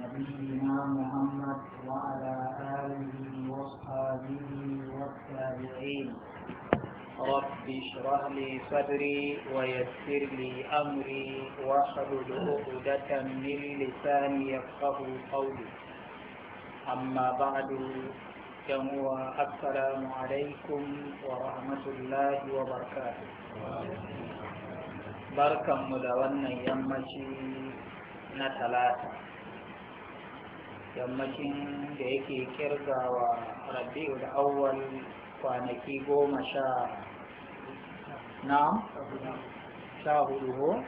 نبينا محمد وعلى آله وصحبه والتابعين رب اشرح لي صدري ويسر لي أمري واحلل عقدة من لساني يفقه قولي أما بعد فهو السلام عليكم ورحمة الله وبركاته بركة مدونة يمشي نتلاتك yammacin da yake kirgawa rabi'u da awwal kwanaki goma sha na sha hudu ho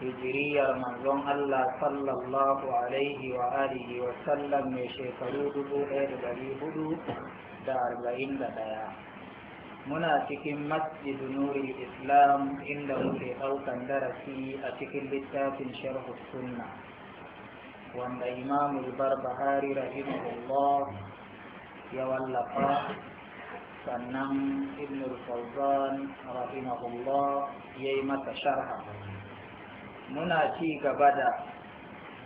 hijiriyar manzon Allah sallallahu alaihi wa alihi wa sallam mai shekaru dubu ɗaya da ɗari hudu da arba'in da ɗaya muna cikin masjid nuri islam inda muke ɗaukan darasi a cikin littafin sharhu sunna wanda imamu Buhari rahimahullah ya wallafa sannan ibn al-fawzan rahimahullah ya yi mata sharha muna ci gaba da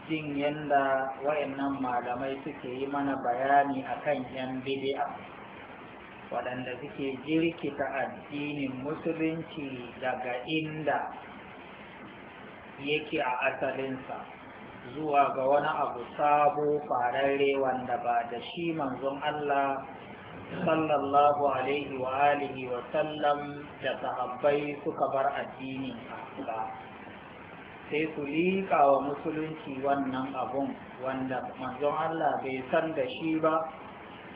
jin yadda wayannan malamai suke yi mana bayani akan yan bid'a waɗanda suke jirkita addinin musulunci daga inda yake a asalinsa zuwa ga wani abu sabo fararre wanda ba da shi manzon Allah sallallahu alaihi wa alihi wa sallam da sahabbai suka bar addini ba sai su liƙa wa musulunci wannan abun wanda manzon Allah bai san da shi ba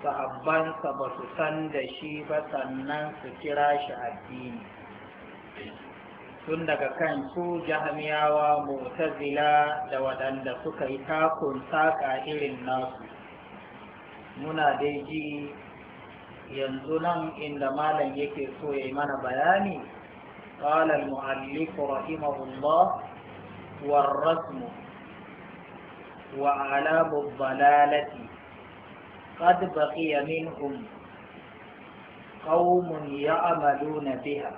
sahabbansa ba su san da shi ba sannan su kira shi addini tun daga kan su jahamiyawa mutazila da waɗanda suka yi takun saƙa irin nasu muna dai ji yanzu nan inda malam yake so ya yi mana bayani قال المؤلف رحمه الله والرسم وأعلام الضلالة قد بقي منهم قوم يعملون بها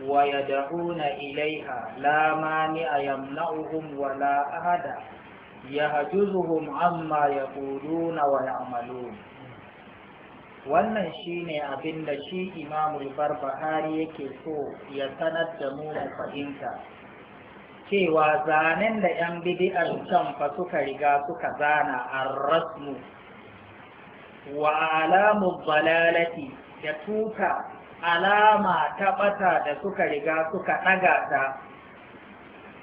Ilaiha ويدعون إليها لا مانع يمنعهم ولا أحد يهجزهم عما يقولون ويعملون wannan shine abin da shi imamul Bahari yake so ya sanar da mu fahimta cewa zanen da 'yan bidi'ar can fa suka riga suka zana an rasmu wa alamun balalati da tuka alama ta ɓata da suka riga suka ɗaga ta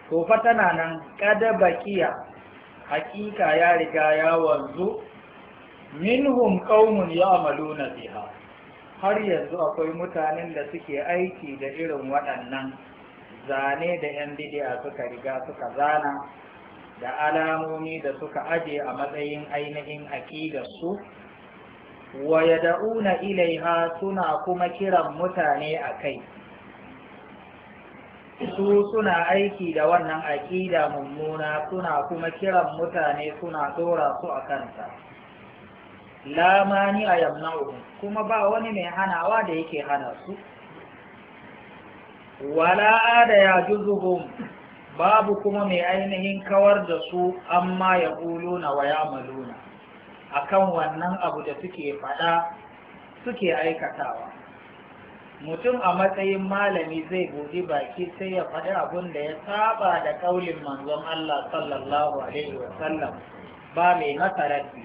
to fa tana nan kada bakiya hakika ya riga ya wanzu minhum qaumun ya'maluna biha har yanzu akwai mutanen da suke aiki da irin waɗannan zane da yan bidiya suka riga suka zana da alamomi da suka aje a matsayin ainihin aƙidar su wa yad'una ilaiha suna kuma kiran mutane a kai su suna aiki da wannan aƙida mummuna suna kuma kiran mutane suna dora su a kansa. la a yamna'u kuma ba wani mai hanawa da yake hana su wala ada ya juzuhum babu kuma mai ainihin kawar da su amma ya na wa maluna akan wannan abu da suke faɗa suke aikatawa mutum a matsayin malami zai buɗi baki sai ya faɗi abun da ya saba da ƙaulin manzon Allah sallallahu alaihi wasallam ba mai nasararsi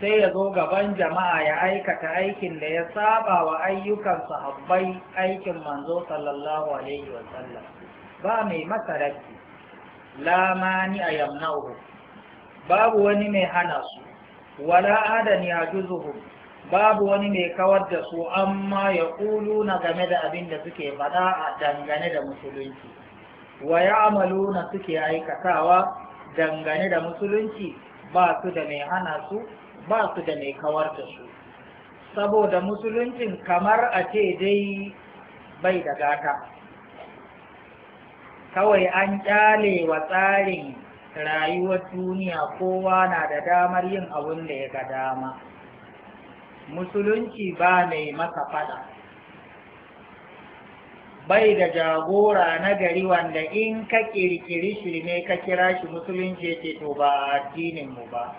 sai ya zo gaban jama'a ya aikata aikin da ya saba wa ayyukan sahabbai aikin manzo sallallahu alaihi wasallam ba mai masararsi lamani a yamna'u babu wani mai hana su wala adan ya juzuhu babu wani mai kawar da su amma ya ƙulu na game da abin da suke faɗa a dangane da musulunci wa ya amalu na suke aikatawa dangane da musulunci ba su da mai hana su ba su da mai kawar da su saboda musuluncin kamar a ce dai bai da gata kawai an ƙyale wa tsarin rayuwar duniya kowa na da damar yin abin da ya ga dama musulunci ba mai maka fada bai da jagora na gari wanda in ka kirkiri ne ka kira shi musulunci ce to ba addinin mu ba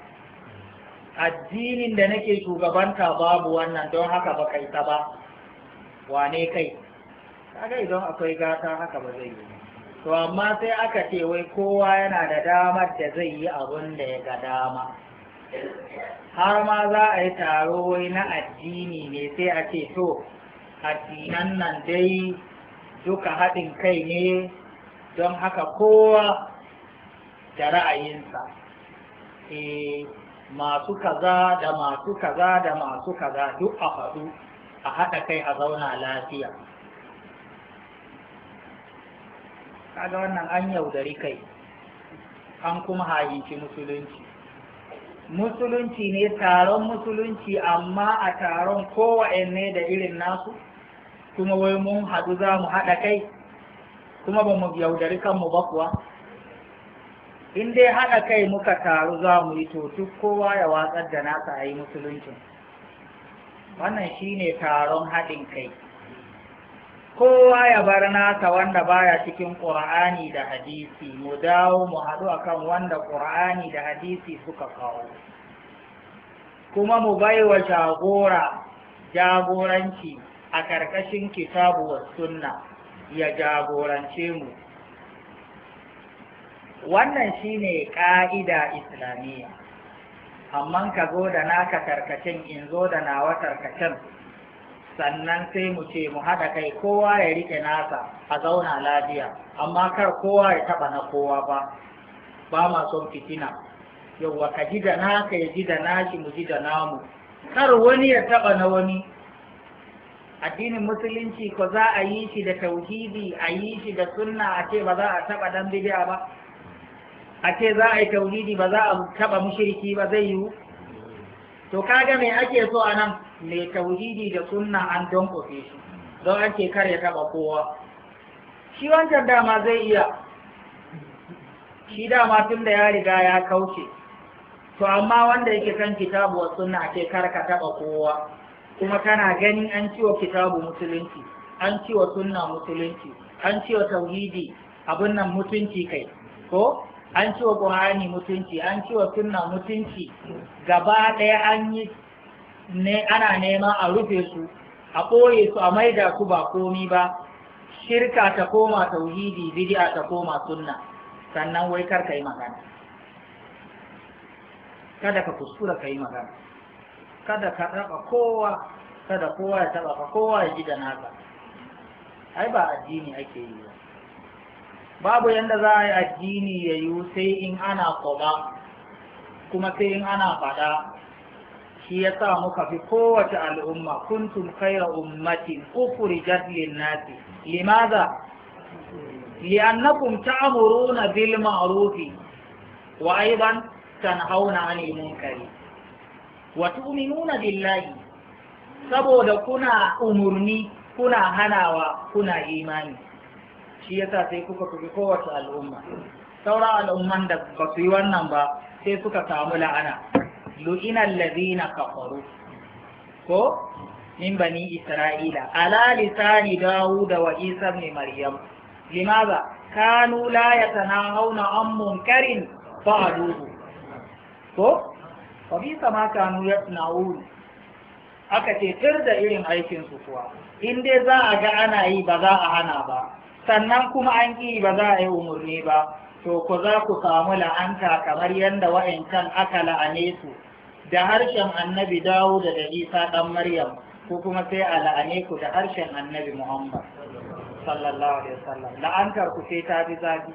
addinin da nake shugabanta babu wannan don haka ba kai ta ba wane kai kaga idan akwai gata haka ba zai yi to amma sai aka ce wai kowa yana da damar da zai yi abun da ya ga dama har ma za a yi taro wai na addini ne sai a ce to addinan nan dai duka haɗin kai ne don haka kowa da ra'ayinsa e masu kaza da masu kaza da masu kaza duk a faɗu a haɗa kai a zauna lafiya kaga wannan an yaudari kai an kuma hayinci musulunci musulunci ne taron musulunci amma a taron ne da irin nasu kuma wai mun haɗu za mu haɗa kai kuma ba mu yaudari kanmu ba kuwa in dai haɗa kai muka taru za mu yi to duk kowa ya watsar da nasa a yi musulunci wannan ne taron haɗin kai kowa ya bar nasa wanda baya cikin ƙur'ani da hadisi mu dawo mu haɗu akan wanda ƙur'ani da hadisi suka kawo kuma mu bai wa jagora jagoranci a ƙarƙashin kitabu wa sunna ya jagorance mu wannan shine ƙa'ida islamiyya amma ka zo da naka tarkacen in zo da nawa tarkacen sannan sai mu ce mu haɗa kai kowa ya rike nasa a zauna lafiya amma kar kowa ya taɓa na kowa ba ba ma son fitina Yauwa, ka ji da naka ya ji da nashi mu ji da namu kar wani ya taɓa na wani addinin musulunci ko za a yi shi da tauhidi a yi shi da sunna a ce ba za a taɓa dan bidiya ba a ce za a yi tauhidi ba za a taɓa mushriki ba zai yiwu to kaga me ake so a nan mai tauhidi da sunna an don kofe shi don ake kar ya taba kowa shi wancan dama zai iya shi dama tun da ya riga ya kauce to amma wanda yake kan kitabu wa sunna ake kar ka taba kowa kuma kana ganin an ciwo kitabu musulunci an ciwo sunna musulunci an ciwo tauhidi abin nan mutunci kai ko an ciwo qur'ani mutunci an ciwo sunna mutunci gaba ɗaya an yi ne ana nema a rufe su a ɓoye su a maida su ba komi ba shirka ta koma tauhidi bid'a ta koma sunna sannan wai kar ka yi magana kada ka kuskura ka yi magana kada ka raba kowa kada kowa ya taba ka kowa ya ji da naka ai ba addini ake yi ba babu yanda za a yi addini ya yi sai in ana kwaba kuma sai in ana faɗa shi ya sa muka fi kowace al'umma kuntum khaira ummatin ukhrijat lin-nasi limadha li'annakum ta'muruna bil ma'rufi wa aidan tanhauna 'anil munkari wa tu'minuna billahi saboda kuna umurni kuna hanawa kuna imani shi ya sa sai kuka fi kowace al'umma sauran al'umman da ba su yi wannan ba sai suka samu la'ana lu'ina allazina kafaru ko min bani isra'ila ala lisani dawud wa isa ibn maryam limaza kanu la yatanahawna an munkarin fa'aluhu ko fa sama kanu yasnaun aka ce tir da irin aikin su kuwa in dai za a ga ana yi ba za a hana ba sannan kuma an ƙi ba za a yi umarni ba to ku za ku samu la'anta kamar yadda wa'incan aka la'ane su da harshen annabi dawo da isa ɗan maryam ko kuma sai a la'ane ku da harshen annabi muhammad sallallahu alaihi wasallam la'antar ku sai ta bi zafi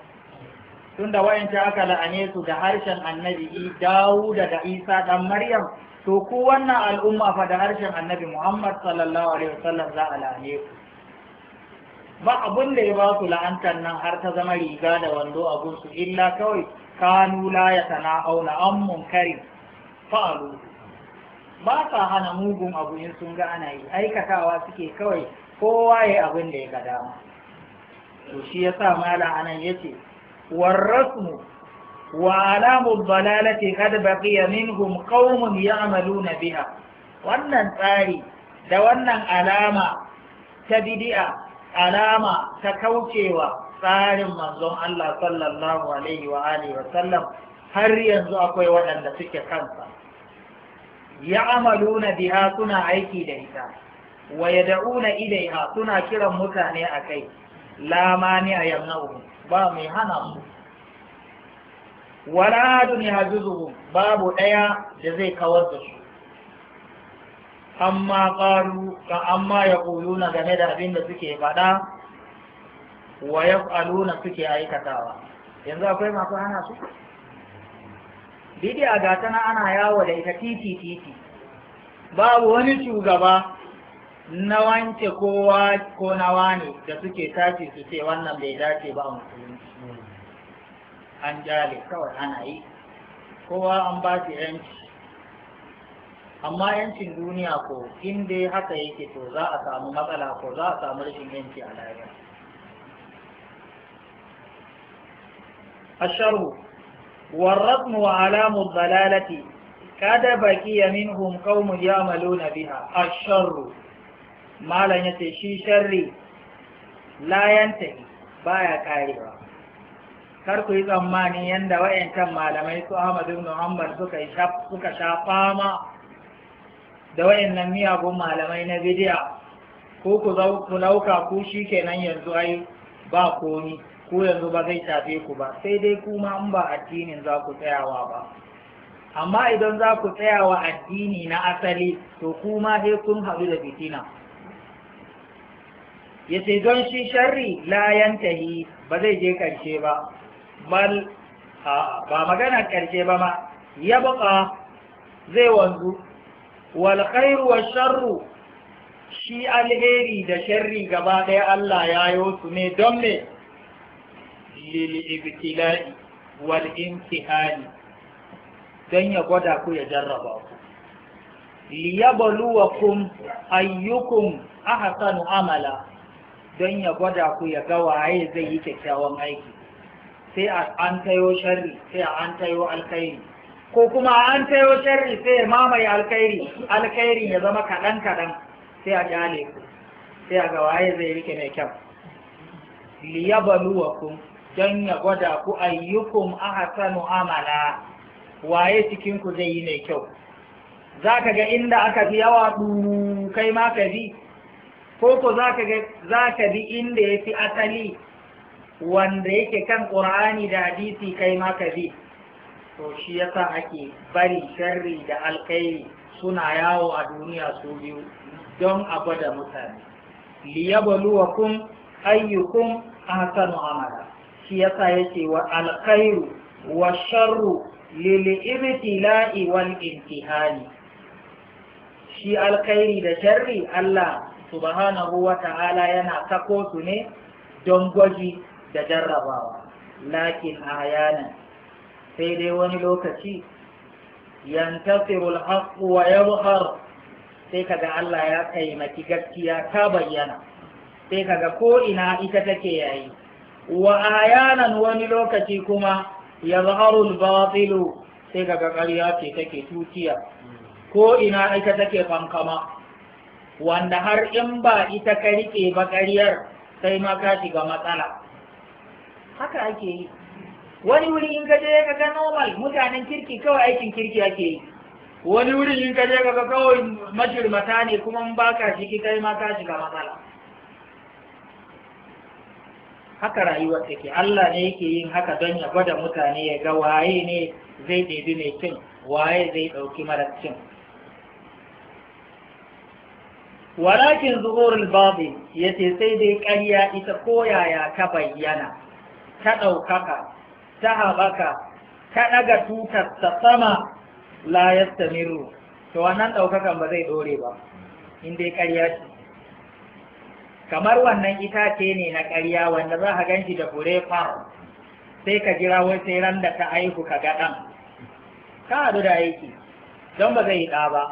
tunda wayanta aka la'ane su da harshen annabi dawo da isa ɗan maryam to ku wannan al'umma fa da harshen annabi muhammad sallallahu alaihi wasallam za a la'ane ku ba abun da ya ba su la'antar nan har ta zama riga da wando a gunsu illa kawai kanu la ya na an munkarin faru ba sa hana mugun abu in sun ga ana yi aikatawa suke kawai kowa ya abin da ya ga dama to shi ya sa mala anan yace warrasmu wa alamu dalalati kad baqiya minhum qaumun ya'maluna biha wannan tsari da wannan alama ta bidi'a alama ta kaucewa tsarin manzon Allah sallallahu alaihi wa alihi wa sallam har yanzu akwai waɗanda suke kansa ya amaluna biha suna aiki da ita wa yad'una ha suna kiran mutane akai la mani a uku, ba mai hana mu wala adun yahzuhu babu ɗaya da zai kawar da su amma qalu ka amma yaquluna game da abin da suke faɗa wa yaf'aluna suke aikatawa yanzu akwai masu hana su bidiya ga tana ana yawo da ita titi titi babu wani shugaba na wanke kowa ko na wani da suke tashi su ce wannan bai dace ba a an jale kawai ana yi kowa an ba shi yanci amma yancin duniya ko ya haka yake to za a samu matsala ko za a samu rashin yanci a lahira والرقم وعلام الضلالة kada baki منهم قوم يعملون بها الشر ما malan yace shi sharri ينتهي بايا baya karewa kar ku yi tsammani yanda wayancan malamai su Ahmad ibn Hanbal suka suka shafa ma da wayannan miyagun malamai na bidiya ko ku zau ku shi ku shikenan yanzu ai ba komi ko yanzu ba zai shafe ku ba sai dai kuma in ba addinin za ku tsayawa ba amma idan za ku tsayawa addini na asali to kuma sai kun haɗu da fitina ya ce don shi sharri layan tahi ba zai je ƙarshe ba bal ba magana ƙarshe ba ma ya baka zai wanzu wal khairu sharru shi alheri da sharri gaba ɗaya Allah ya yi su ne don me lil'ibtila'i wal imtihani don ya gwada ku ya jarraba ku liyabluwakum ayyukum ahsanu amala don ya gwada ku ya ga waye zai yi kyakkyawan aiki sai an tayo sharri sai an tayo alkhairi ko kuma an tayo sharri sai ya mamaye alkhairi alkhairi ya zama kaɗan kaɗan sai a kyale ku sai a ga waye zai rike mai kyau liyabluwakum don ya gwada ku ayyukum ahsanu amala waye cikin ku zai yi mai kyau zaka ga inda aka fi yawa du kai ma ka bi ko ko zaka ga zaka bi inda yafi asali wanda yake kan qur'ani da hadisi kai ma ka bi to shi yasa ake bari sharri da alkhairi suna yawo a duniya su biyu don a gwada mutane liyabluwakum ayyukum ahsanu amala shi ya yasa ce, wa alkhairu wa sharru lil wal imtihani shi alkhairi da sharri Allah subhanahu wa ta'ala yana sako su ne don gwaji da jarrabawa lakin ayanan sai dai wani lokaci yantasirul haqqu wa yadhhar sai kaga Allah ya taimaki gaskiya ta bayyana sai kaga ko ina ita take yayi wa ayanan wani lokaci kuma ya zaharul batilu sai kaga ƙarya ce take tutiya ko ina ita take fankama wanda har in ba ita ka riƙe ba ƙaryar sai ma ka shiga matsala haka ake yi wani wuri in ka je ka ga normal mutanen kirki kawai aikin kirki ake yi wani wuri in ka je ka ga kawai mashirmata ne kuma ba ka shiga kai ma ka shiga matsala haka rayuwa take Allah ne yake yin haka don ya gwada mutane ya ga waye ne zai ɗebi mai kin, waye zai ɗauki mara cin walakin zuhurul babi ya ce sai dai ƙarya ita koyaya ta bayyana ta ɗaukaka ta haɓaka ta ɗaga tutar ta sama la yastamiru to wannan ɗaukakan ba zai ɗore ba in dai ƙarya ce kamar wannan itace ne na ƙarya wanda za ka ganshi da fure far sai ka jira wai sai ran da ta aiku ka ga ɗan ka haɗu da aiki don ba zai yi ɗa ba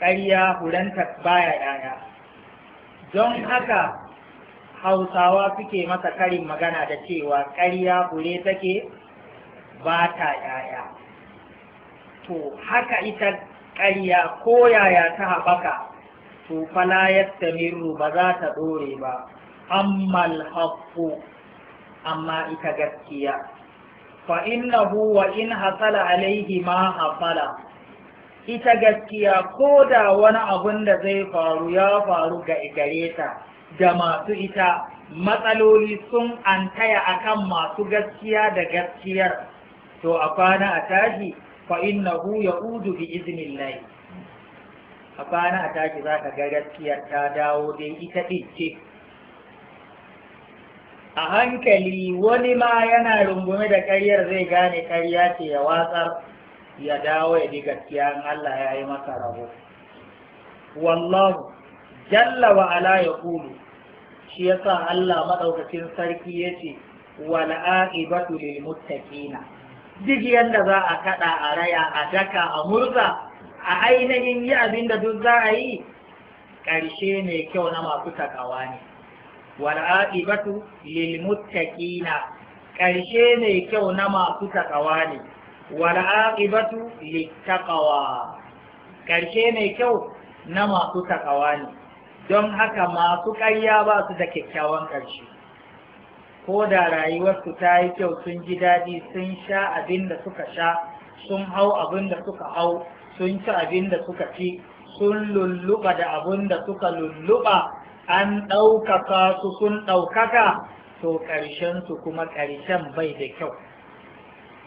ƙarya huranta baya ɗaya don haka hausawa suke masa karin magana da cewa ƙarya hure take ba ta ɗaya to haka ita ƙarya ko yaya ta haɓaka to fala yattamiru ba za ta ɗore ba amma alhaqqu amma ita gaskiya fa innahu wa in hasala alaihi ma hasala ita gaskiya ko da wani abun da zai faru ya faru ga gare ta da masu ita matsaloli sun antaya akan masu gaskiya da gaskiyar to a kwana a tashi fa innahu ya'udu bi laifin. a kwana a tashi za ka ga gaskiya ta dawo dai ita ɗin ce a hankali wani ma yana rungume da ƙaryar zai gane karya ce ya watsar ya dawo ya ji gaskiya in Allah ya yi masa rabo wallahu jalla wa ala ya kulu shi ya sa Allah maɗaukacin sarki ya ce wal aqibatu lil muttaqina duk yadda za a kaɗa a raya a daka a murza a ainihin yi abin da duk za a yi ƙarshe mai kyau na masu takawa ne wal'aƙibatu lilmuttaqina ƙarshe mai kyau na masu takawa ne wal'aƙibatu littaqawa ƙarshe mai kyau na masu takawa ne don haka masu ƙarya ba su da kyakkyawan ƙarshe ko da rayuwarsu ta yi kyau sun ji daɗi sun sha abin da suka sha sun hau abin da suka hau sun ci abin da suka ci sun lulluɓa da abin da suka lulluɓa an ɗaukaka su sun ɗaukaka to ƙarshen su kuma ƙarshen bai da kyau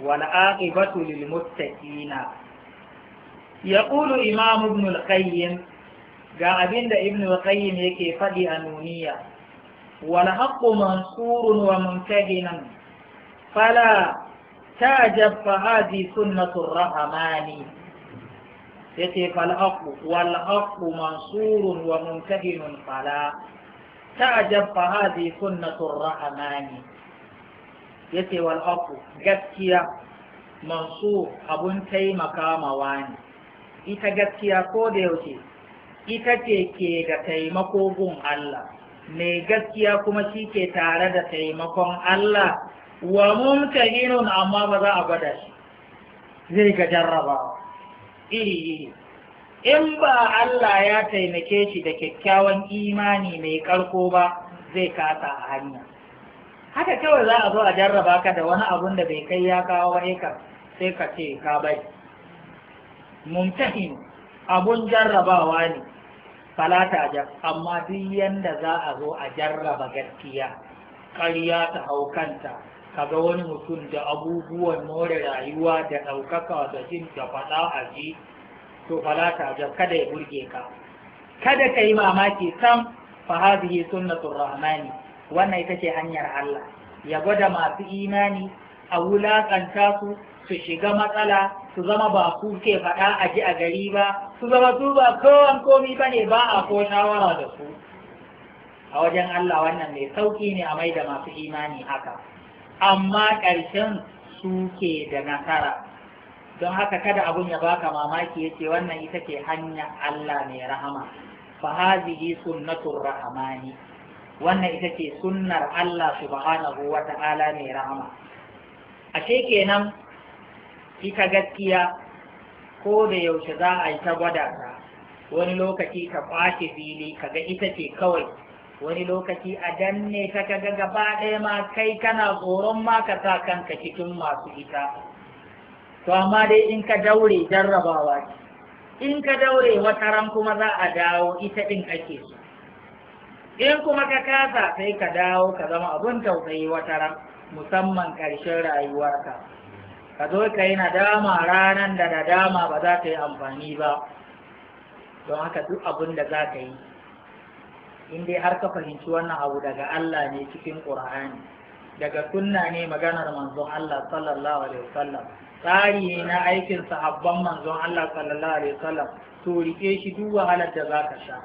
wal aqibatu lil Ya yaqulu imam ibn al qayyim ga da ibn al qayyim yake faɗi a nuniya wal haqqu mansurun wa muntahinan fala تعجب فهذه سنة الرحمن yace fal haqu wal haqu mansurun wa muntahinun fala ta'jab fa hadhi sunnatur rahmani yace wal haqu gaskiya mansur abun taimaka mawa ne ita gaskiya ko da yaushe ita ce ke da taimako gun Allah mai gaskiya kuma shi ke tare da taimakon Allah wa mumtahinun amma ba za a gwada shi zai ga jarrabawa iri in ba Allah ya taimake shi da kyakkyawan imani mai ƙarko ba zai kasa a hanya haka kawai za a zo a jarraba ka da wani abun da bai kai ya kawo wani ka sai ka ce ka bai mumtahin abun jarrabawa ne falata ja amma duk yanda za a zo a jarraba gaskiya ƙarya ta hau kanta kaga wani mutum da abubuwan more rayuwa da ɗaukaka da jin da faɗa a ji to falata da kada ya burge ka kada ka yi mamaki sam fa hadhihi sunnatur rahmani wannan ita ce hanyar Allah ya gwada masu imani a wulaƙanta su su shiga matsala su zama ba ku ke faɗa a ji a gari ba su zama su ba kowan komi ba ne ba a ko shawara da su a wajen Allah wannan mai sauƙi ne a mai da masu imani haka amma ƙarshen suke da nasara don haka kada abun ya baka mamaki ya ce wannan ita ce hanya Allah mai rahama fa hadhihi sunnatur ne. wannan ita ce sunnar Allah subhanahu wa ta'ala mai rahama ashe kenan ita gaskiya ko da yaushe za a yi ta gwada ka wani lokaci ka kwashe fili kaga ita ce kawai wani lokaci a danne ka kaga gaba ɗaya ma kai kana tsoron ma ka sa kanka cikin masu ita to amma dai in ka daure jarrabawa ce in ka daure wata ran kuma za a dawo ita ɗin ake so in kuma ka kasa sai ka dawo ka zama abin tausayi wata ran musamman ƙarshen rayuwarka ka zo ka yi nadama ranar da nadama ba za ta yi amfani ba don haka duk abin da za ka yi in dai har ka fahimci wannan abu daga Allah ne cikin Qur'ani daga sunna ne maganar manzon Allah sallallahu alaihi wasallam tsari ne na aikin sahabban manzon Allah sallallahu alaihi wasallam to rike shi duk wahalar da zaka sha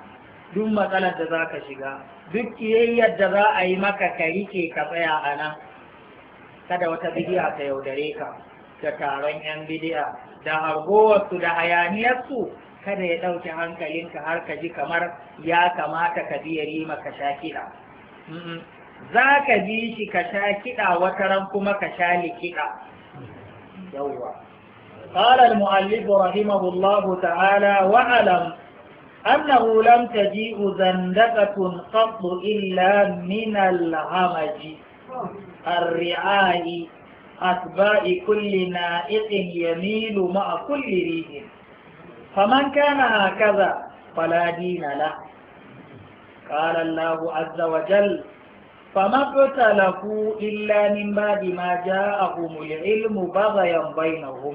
duk matsalar da zaka shiga duk kiyayyar da za a yi maka ka rike ka tsaya a nan kada wata bidiya ta yaudare ka da taron yan bidiya da hargowarsu da hayaniyarsu kada ya ɗauki hankalinka har ka ji kamar ya kamata ka biya rima ka sha kiɗa za ka bi shi ka sha kiɗa wata ran kuma ka sha likiɗa yawwa قال المؤلف رحمه الله تعالى واعلم أنه لم تجيء زندقة قط إلا من الهمج الرعاء أتباع كل نائق يميل مع كل ريح فمن كان هكذا فلا دين له قال الله عز وجل فما قتله إلا من بعد ما جاءهم العلم بغيا بينهم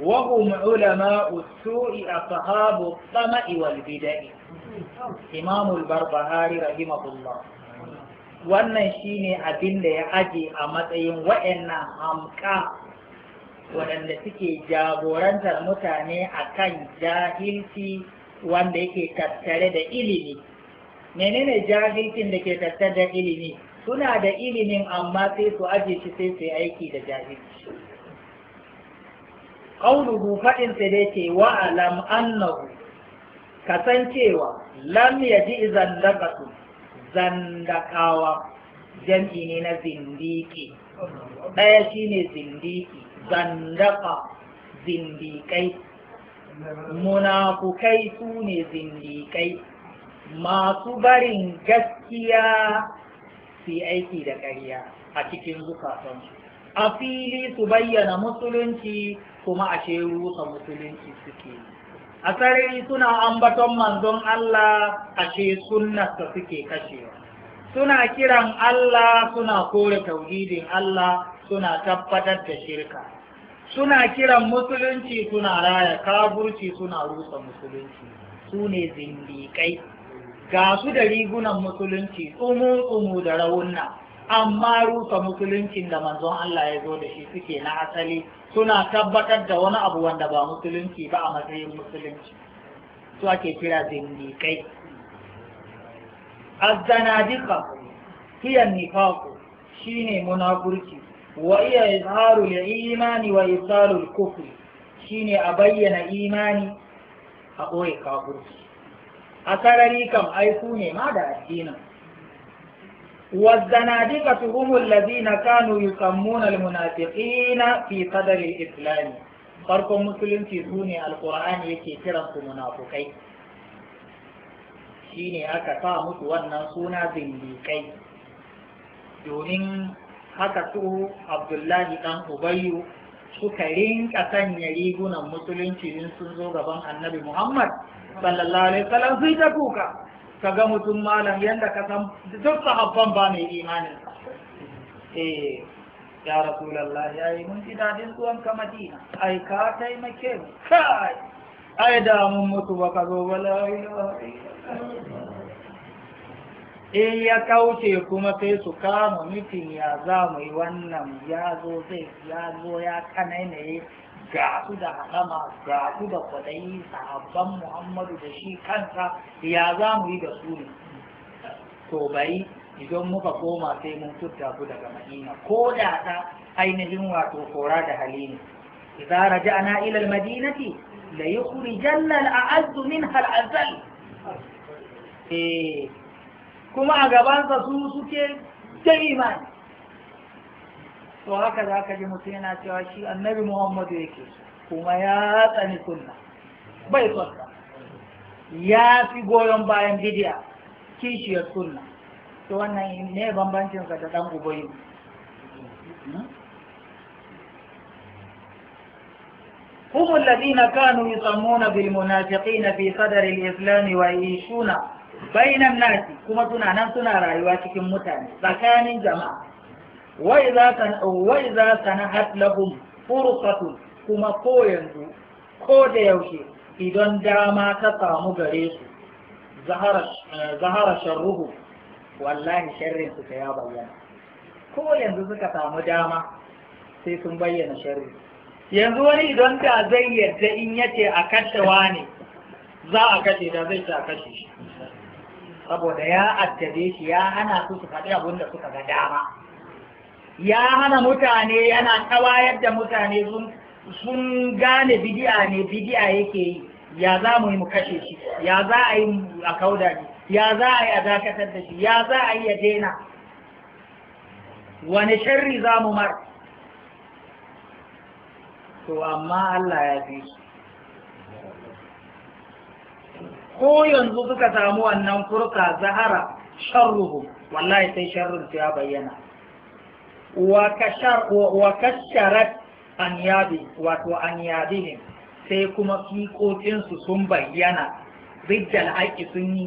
وهم علماء السوء أصحاب الطمأ والبدع إمام البربهاري رحمه الله wannan shine abin da ya aje a matsayin wa'annan hamka waɗanda suke jagorantar mutane a kan jahilci wanda yake tattare da ilimi menene jahilcin da ke tattare da ilimi suna da ilimin amma sai su aje shi sai su yi aiki da jahilci faɗin faɗinsa dai ce alam annahu kasancewa lam yaji zandakatu zandakawa jam'i ne na zindiki ɗaya shine zindiki zandaka zindiƙai munafukai su ne zindiƙai masu barin gaskiya su yi aiki da ƙarya a cikin zukatansu a fili su bayyana musulunci kuma a rusa musulunci suke a sarari suna ambaton manzon Allah ashe sunnarsa suke kashewa suna kiran Allah suna kore tauhidin Allah suna tabbatar da shirka suna kiran musulunci suna raya kafurci suna rusa musulunci su ne zindikai ga su da rigunan musulunci tsumu-tsumu da raunna amma rusa musuluncin da manzon Allah ya zo da shi suke na asali suna tabbatar da wani abu wanda ba musulunci ba a matsayin musulunci su ake kira zindikai azzanadika fiyan nifaku shine munafurci wa iya izharu ya imani wa izharu kufri shi ne a bayyana imani a ɓoye kaburci a sarari kam aiku ne ma da addinin wadda na dika tuhumun lazi na Kano yi kammunan munafiki na fi sadarin islami farkon musulunci su ne alkur'ani yake kiran su munafukai shi ne aka sa musu wannan suna zindikai domin haka su abdullahi ɗan ubayyu suka rinka sanya rigunan musulunci in sun zo gaban annabi muhammad sallallahu alaihi wasallam sai ta kuka ka ga mutum malam yadda ka san duk sahabban ba mai imanin eh ya rasulullah ya yi mun ji dadin zuwan ka madina ai ka taimake mu kai ai da mun mutu ba ka zo ba la ilaha illallah in ya kauce kuma sai su kama mutum ya za mu yi wannan ya zo zai ya zo ya kanainaye ga su da haɗama ga su da kwaɗayi sahabban muhammadu da shi kansa ya za mu yi da su ne to bari idan muka koma sai mun tudda ku daga madina ko da ta ainihin wato kora da hali ne idza ilal ila al-madinati la yukhrijanna al-a'azzu minha al-azal eh kuma a gabansa su suke ta imani to haka za ka ji mutum yana cewa shi annabi muhammadu yake kuma ya tsani suna, bai sunna ya fi goyon bayan bidiya kishiyar sunna to wannan ne bambancinsa da ɗan ubayi هم الذين كانوا يسمون بالمنافقين في صدر الإسلام ويعيشون bainan nasi kuma suna nan suna rayuwa cikin mutane tsakanin jama'a Wai za za ka na lahum fursatun kuma ko yanzu ko da yaushe idan dama ta samu gare su eh, zahara sharruhu wallahi sharrin su ya bayyana ko yanzu suka samu dama sai sun bayyana sharri yanzu wani idan da zai yadda in yace a kashe wani za a kashe da zai ta kashe shi saboda ya addabe shi ya hana su su faɗi abin da suka ga dama ya hana mutane yana tawayar da mutane sun gane bidi'a ne bidi'a yake yi ya za mu yi mu kashe shi ya za a yi a kauda shi ya za a yi a dakatar da shi ya za a yi ya daina wani shirri za mu mar to amma Allah ya fi shi ko yanzu suka samu wannan furka zahara sharruhu wallahi sai sharrin ya bayyana wa kashar wa kasharat an yabi wato an yabi sai kuma fiƙoƙinsu sun bayyana riddal aiki sun yi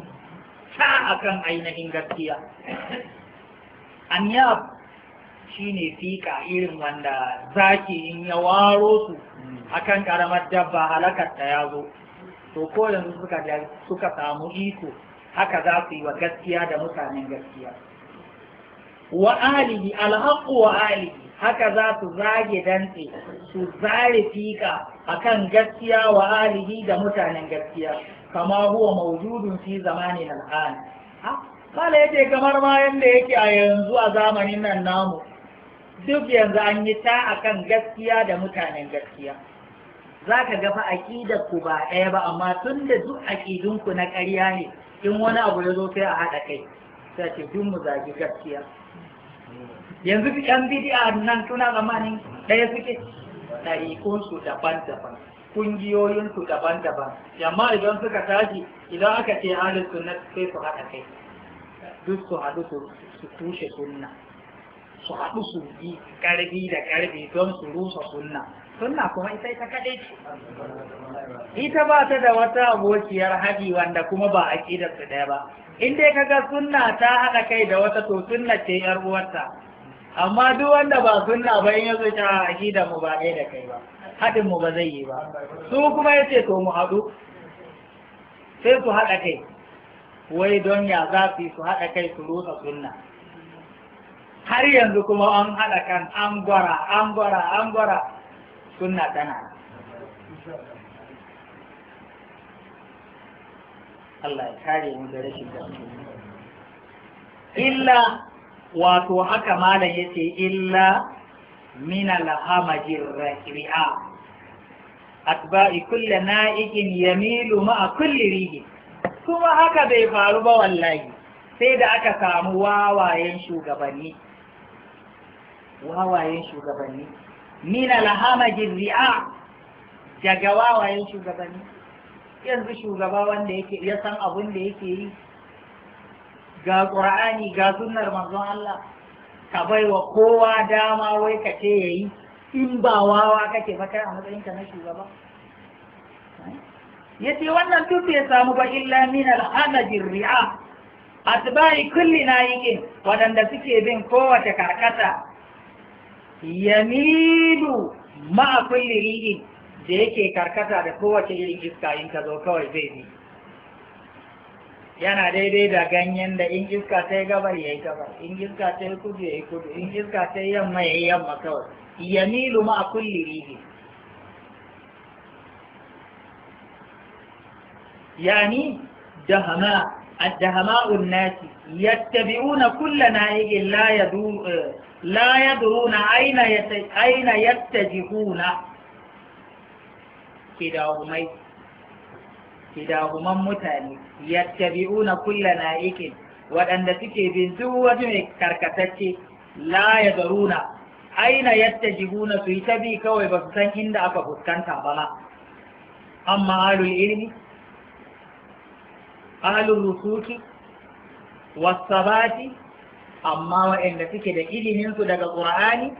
akan ainihin gaskiya an yab shi ne fiƙa irin wanda zaki in ya waro su akan ƙaramar dabba halakar ta ya zo to ko yanzu suka suka samu iko haka za su yi wa gaskiya da mutanen gaskiya wa alihi alhaqu wa alihi haka za su zage dantse su zare fika akan gaskiya wa alihi da mutanen gaskiya kama huwa mawjudun fi zamanin al'an kala yace kamar ma yanda yake a yanzu a zamanin nan namu duk yanzu an yi ta akan gaskiya da mutanen gaskiya za ka ga fa aƙidar ku ba ɗaya ba amma tun da duk aƙidunku ku na ƙarya ne in wani abu ya zo sai a haɗa kai sai ce duk mu zagi gaskiya yanzu yan bidi'a nan tuna zamanin ɗaya suke ɗariƙun su daban-daban kungiyoyin su daban-daban amma idan suka tashi idan aka ce halin sunna sai su haɗa kai duk su haɗu su kushe sunna su haɗu su yi ƙarfi da ƙarfi don su rusa sunna sunna kuma ita ita kaɗai ce ita ba ta da wata abokiyar haɗi wanda kuma ba a ƙidar su ɗaya ba in dai kaga sunna ta haɗa kai da wata to sunna ce yar uwarta amma duk wanda ba sunna ba in yazo ta aqida mu ba ɗaya da kai ba haɗin mu ba zai yi ba su kuma yace to mu haɗu sai su haɗa kai wai don ya za su su haɗa kai su rusa sunna har yanzu kuma an haɗa kan an gwara an gwara an gwara sunna tana Allah ya kare mu da rashin gaskiya illa wato haka malam yace illa min al ra'ia, ri'a atba'i kulli na'ikin yamilu ma'a kulli rihi kuma haka bai faru ba wallahi sai da aka samu wawayen shugabanni wawayen shugabanni Mina alhamajin ri'a daga wawayen shugabanni yanzu shugaba wanda yake ya san abin da yake yi ga ƙur'ani ga sunnar manzon Allah ka bai wa kowa dama wai ka ce ya yi in ba wawa kake ba kai a matsayinka na shugaba ya ce wannan duk bai samu ba illa mina alhamajin ri'a atba'i kulli na nayiqin waɗanda suke bin kowace karkata yamilu ma'a kulli ri'in da yake karkata da kowace irin iska in ta zo kawai zai bi yana daidai da ganyen da in iska ta yi gabar ya yi gabar in iska ta yi kudu ya yi kudu in iska ta yi yamma ya yi yamma kawai yamilu ma kulli ri'in yani dahama الدهماء الناس يتبعون كل نائب لا يدور لا يدرون أين أين يتجهون كداهمي كداهما متاني يتبعون كل نائب وأن تكي بنسوة كركتك لا يدرون أين يتجهون في تبي كوي بسن إن أفا فسكنت أما آل العلم ahalun nusuki wasabati amma waɗanda suke da iliminsu daga ƙur'ani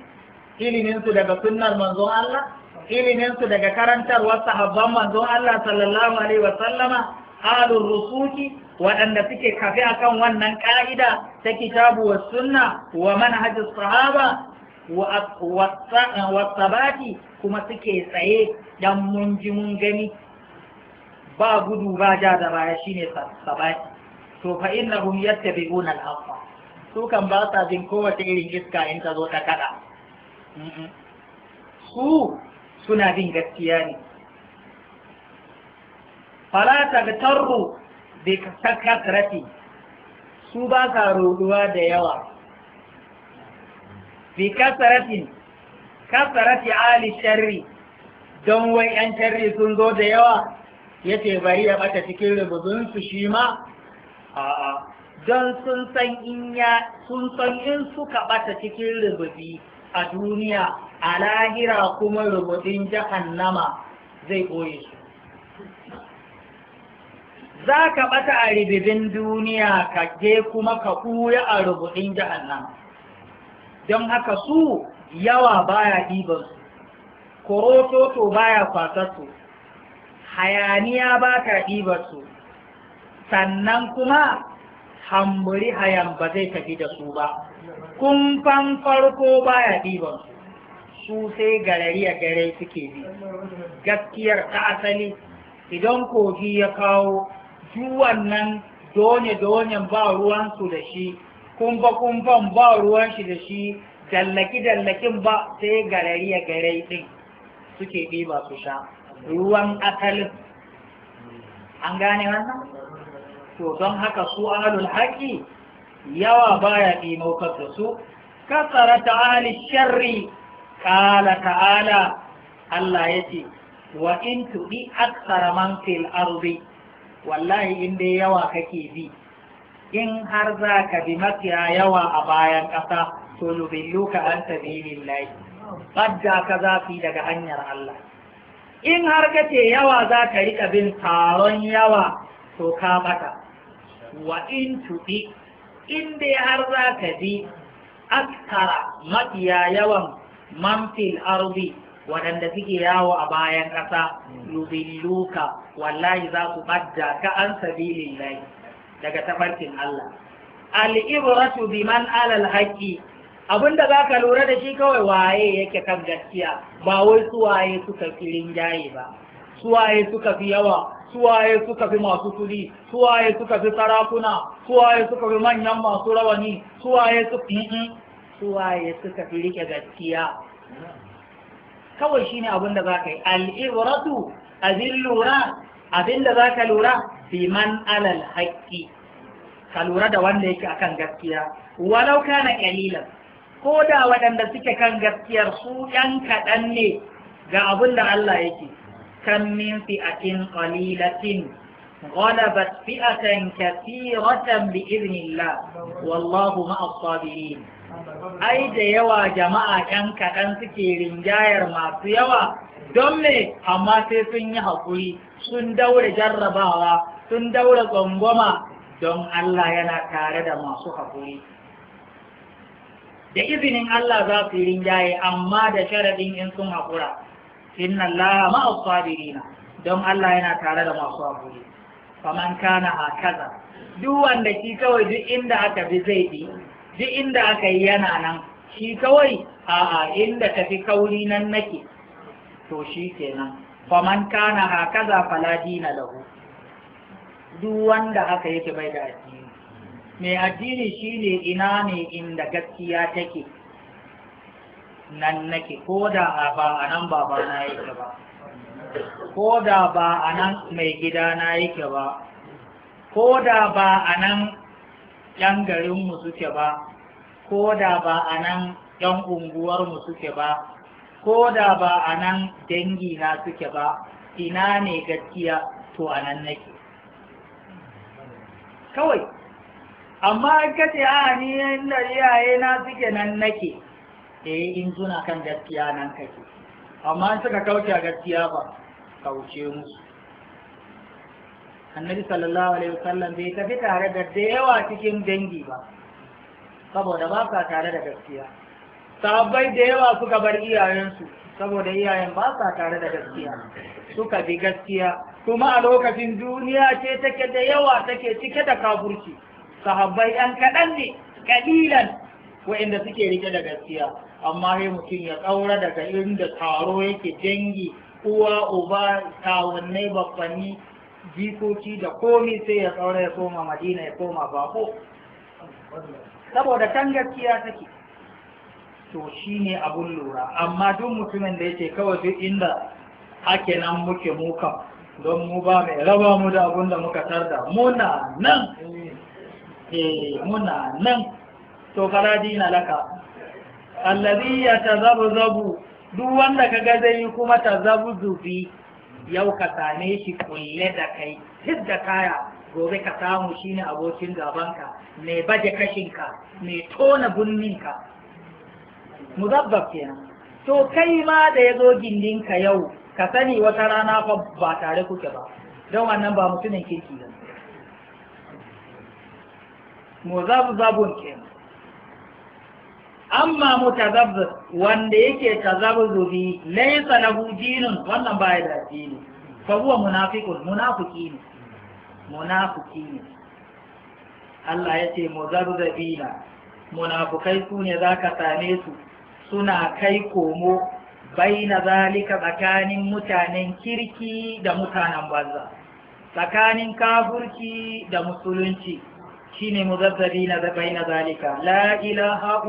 iliminsu daga sunnar manzon Allah iliminsu daga karantar karantarwar sahabban manzon Allah sallallahu alaihi wasallama halin rusuki waɗanda suke kafe akan wannan ƙa'ida ta kitabu wa sunna wa manhajin sahaba wa sabati kuma suke tsaye dan mun ji mun gani ba gudu ba ja da baya shine sabai to fa innahum yattabi'una al-haqa su kan ba sa jin kowace irin iska in ta zo ta kada su suna bin gaskiya ne fala tagtarru bi kasrati su ba sa roduwa da yawa bi kasratin kasrati ali sharri don wai yan sharri sun zo da yawa ya ce bari ya bata cikin rububinsu shi ma a'a don sun san in sun san in suka bata cikin rububi a duniya a lahira kuma rububin jahannama zai ɓoye su za ka bata a rububin duniya ka je kuma ka ɓuya a rububin jahannama don haka su yawa baya ɗibansu to baya kwasarsu hayaniya ba ka ɗiba su sannan kuma hamburi hayan ba zai tafi da su ba kumfan farko baya ɗiban su su sai garari gare suke bi gaskiyar ta asali idan kogi ya kawo juwan nan donye donen ba ruwansu da shi kumfa-kumfan ba ruwan shi da shi dallaki-dallakin ba sai garari gare ɗin suke ɗiba su sha ruwan asalin an gane wannan to don haka su ahlul haƙi yawa baya ɗimokar da su kasara ta'ali sharri kala ta'ala Allah ya ce wa in tuɗi aksara man fil arzi wallahi in dai yawa kake bi in har za ka bi mafiya yawa a bayan ƙasa to lubilluka an sabilillahi ɓadda ka zafi daga hanyar Allah in har kace yawa za ka rika bin taron yawa to ka bata wa in tuɗi in dai har za ka bi askara mafiya yawan manfil ardi waɗanda suke yawo a bayan ƙasa yubilluka wallahi za ku ɓadda ka an sabilillahi daga tafarkin Allah al'ibratu biman alal haƙi abin da za ka lura da shi kawai waye yake kan gaskiya ba wai suwaye suka fi rinjaye ba suwaye suka fi yawa suwaye suka fi masu kudi suwaye suka fi sarakuna suwaye suka fi manyan masu rawani suwaye suka suwaye suka fi rike gaskiya kawai shine abin da za ka yi al'ibratu abin lura abin da za ka lura fi man alal haƙƙi ka lura da wanda yake akan gaskiya walau kana ƙalilan ko da waɗanda suke kan gaskiyar su ‘yan kaɗan ne ga abin da Allah yake, kan min fi'atin ƙalilatin, ghalabat fi'atan kathiratan bi iznillah wallahu ma'as ai da yawa jama'a ‘yan kaɗan suke rinjayar masu yawa don me amma sai sun yi haƙuri sun daure jarrabawa sun daure tsangwama don Allah yana tare da masu haƙuri da izinin Allah za su yi rinjaye amma da sharaɗin in sun haƙura inna Allah ma'as sabirina don Allah yana tare da masu haƙuri faman kana kaza duk wanda shi kawai duk inda aka bi zai bi duk inda aka yi yana nan shi kawai a'a inda tafi kauri nan nake to shi kenan faman kana kaza fala dina lahu duk wanda haka yake bai da addini mai addini shine ina ne inda gaskiya take nan nake ko da ba a nan babana yake ba ko da ba a nan mai gidana yake ba ko da ba a nan ‘yan garinmu suke ba ko da ba a nan ‘yan unguwarmu suke ba ko da ba a nan dangina suke ba ina ne gaskiya to a nan nake kawai amma ka ce, a ah, ni inda iyaye na suke nan nake eh in suna kan gaskiya nan kake amma in suka kauce a gaskiya ba kauce musu annabi sallallahu alaihi wasallam bai tafi tare da da yawa cikin dangi ba saboda ba sa tare da gaskiya sabai da yawa suka bar iyayensu saboda iyayen ba sa tare da gaskiya suka bi gaskiya kuma a lokacin duniya ce take da yawa take cike da kafurci sahabbai ɗan kaɗan ne kalilan wa'inda suke rike da gaskiya amma sai mutum ya ƙaura daga inda taro yake dangi uwa uba kawunnai bakwanni jikoki da komi sai ya ƙaura ya koma madina ya koma bako saboda kan gaskiya take to shi ne abun lura amma duk mutumin da yake kawai duk inda ake nan muke muka don mu ba mai raba mu da abun da muka tarda muna nan muna nan to faradi na laka allazi ya tazabzabu duk wanda kaga zai yi kuma tazabzufi yau ka same shi kulle da kai da kaya gobe ka samu shine abokin gabanka mai baje kashinka mai tona bunninka muzabbab nan. to kai ma da ya zo gindinka yau ka sani wata rana fa ba tare kuke ba don wannan ba mutumin kirki ba Mu muzabzabun kenan amma mutazabzab wanda yake tazabzubi laysa lahu dinun wannan baya da addini fa huwa munafiqun munafiki ne munafiki ne Allah ya ce muzabzabina munafukai su ne za ka same su suna kai komo bai na zalika tsakanin mutanen kirki da mutanen banza tsakanin kafurki da musulunci shine na zabai na zalika la ilaha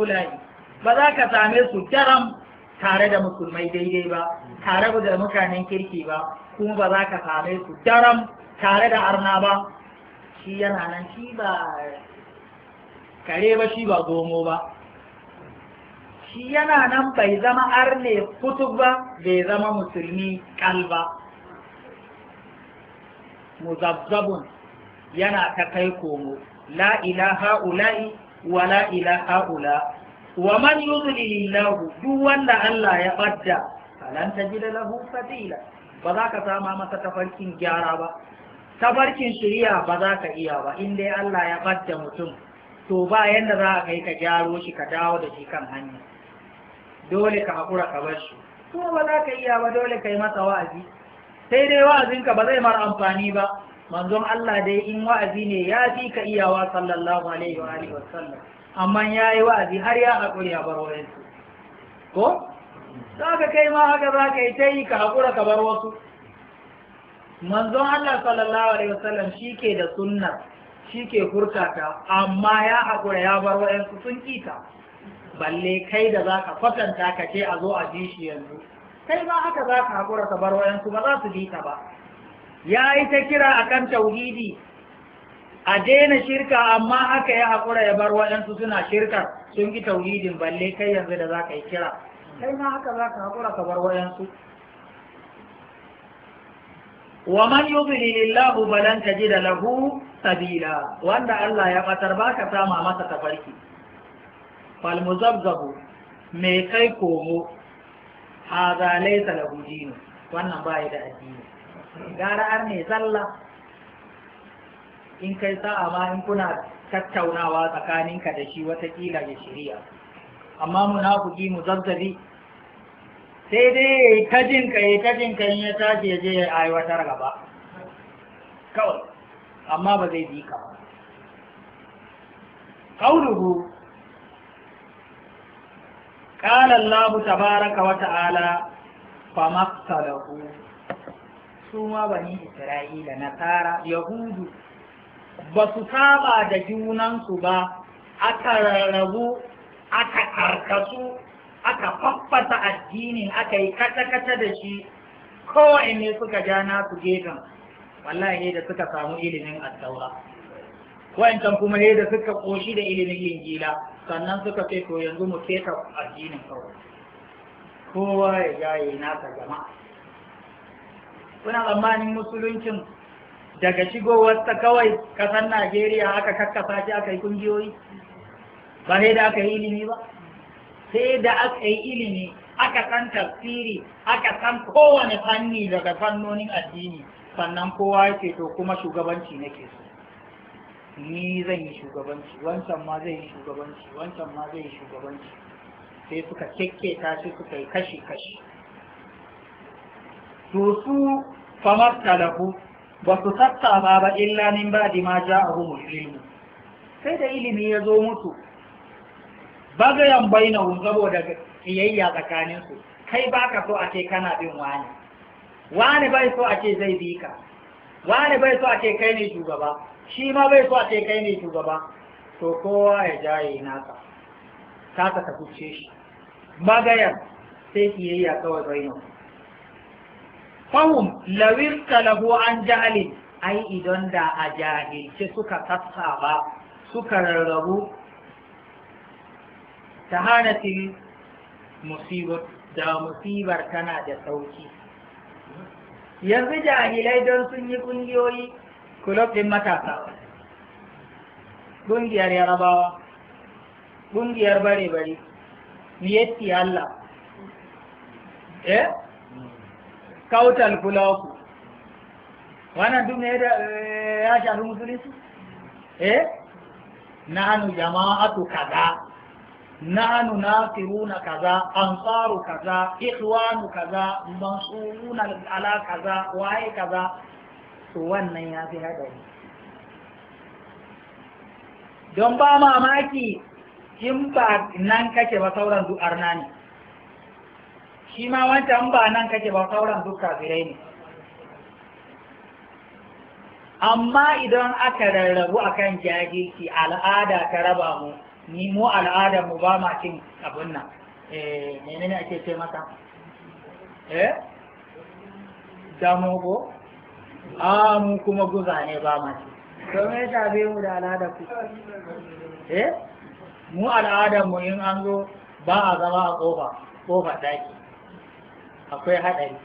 ba za ka same su daram tare da musulmai daidai ba tare da mutanen kirki ba kuma ba za ka same su daram tare da arna ba shi yana nan shi ba kare ba shi ba gomo ba shi yana nan bai zama arne kutub ba bai zama musulmi kalba muzabzabun yana ta kai komo la ha'ula'i wa la ila wa man yudlilillahu duk wanda Allah ya badda falan tajida lahu sabila ba za ka sama masa tafarkin gyara ba tafarkin shirya ba za ka iya ba in dai Allah ya badda mutum to ba yanda za a kai ka gyaro shi ka dawo da shi kan hanya dole ka haƙura ka bar shi kuma za ka iya ba dole ka yi masa wa'azi sai dai wa'azinka ba zai mara amfani ba manzon Allah dai in wa'azi ne ya fi ka iyawa sallallahu alaihi wa alihi wasallam amma ya yi wa'azi har ya haƙuri a bar wayansu ko za ka kai ma haka za ka yi ta yi ka haƙura ka bar wasu manzon Allah sallallahu alaihi wasallam shi ke da sunna shi ke furta ta amma ya haƙura ya bar wayansu sun kita balle kai da za ka kwatanta ka ce a zo a ji shi yanzu kai ma haka za ka haƙura ka bar wayansu ba za su ji ka ba ya yi ta kira kan tauhidi a daina shirka amma haka ya haƙura ya bar waɗansu suna shirkar sun ki tauhidin balle kai yanzu da za ka yi kira kai ma haka za ka haƙura ka bar waɗansu wa man yudlil Allah ji da lahu sabila wanda Allah ya batar baka sama masa tafarki fal mai kai komo hadha laysa lahu dinu wannan bayi da addini gara an ne zalla in kai sa'a ma in kuna tattaunawa tsakaninka da shi watakila ya shirya amma munafiki zazzabi sai dai ya yi ka yi kajin ka ya tashi ya je ya aiwatar gaba kawai amma ba zai bi ka ba qauluhu qala Allah tabaraka wa da famaktalahu su ma bani isra'ila na nasara yahudu ba su saba da junansu ba aka rarrabu aka karkasu aka faffasa addinin aka yi kata-kata da shi kowai ne suka ja nasu gefen wallahi da suka samu ilimin attaura wa'ancan kuma ne da suka koshi da ilimin injila sannan suka ce to yanzu mu keta addinin kawai kowa ya yi nasa jama'a kuna tsammanin musuluncin daga shigowarsa kawai kasar najeriya aka kakkasa shi aka yi kungiyoyi ba sai da aka yi ilimi ba sai da aka yi ilimi aka san tafsiri aka san kowane fanni daga fannonin addini sannan kowa yake to kuma shugabanci nake so ni zan yi shugabanci wancan ma zai yi shugabanci wancan ma zai yi shugabanci sai suka kekketa shi suka yi kashi-kashi to su famar talafu ba su sassa ba illa min ba di ma ja abu musulmi sai da ilimi ya zo mutu baina zabo saboda kiyayya tsakaninsu kai baka so a ce kana bin wani wani bai so a ce zai bi ka wani bai so a ce kai ne shugaba shi ma bai so a ce kai ne shugaba to kowa ya jaye naka ka ta kuce shi magayan sai kiyayya kawai bainahum fahum lawir kalahu an jahali ai idan da a jahilce suka ba suka rarrabu ta hanatin musibar da musibar tana da sauki yanzu jahilai don sun yi kungiyoyi kulob din matasa kungiyar yarabawa kungiyar bare-bare miyetti Allah eh kautal kuloku wannan duk ne da eh, ya shafi musulunci eh nahanu jama'atu kaza nahanu nasiruna kaza ansaru kaza ikhwanu kaza mansuruna ala kaza waye kaza to wannan ya fi hadari don ba mamaki in ba nan kake ba sauran du'ar na ne shi ma wancan ba nan kake ba sauran duk kafirai ne amma idan aka rarrabu akan jahilci al'ada ta raba mu ni mu al'ada mu ba ma cin abun nan eh ne ake ce mata eh damogo a mu kuma guza ne ba ma ci to me ya mu da al'ada ku eh mu al'ada mu in an zo ba a zama a kofa kofa daki akwai haɗari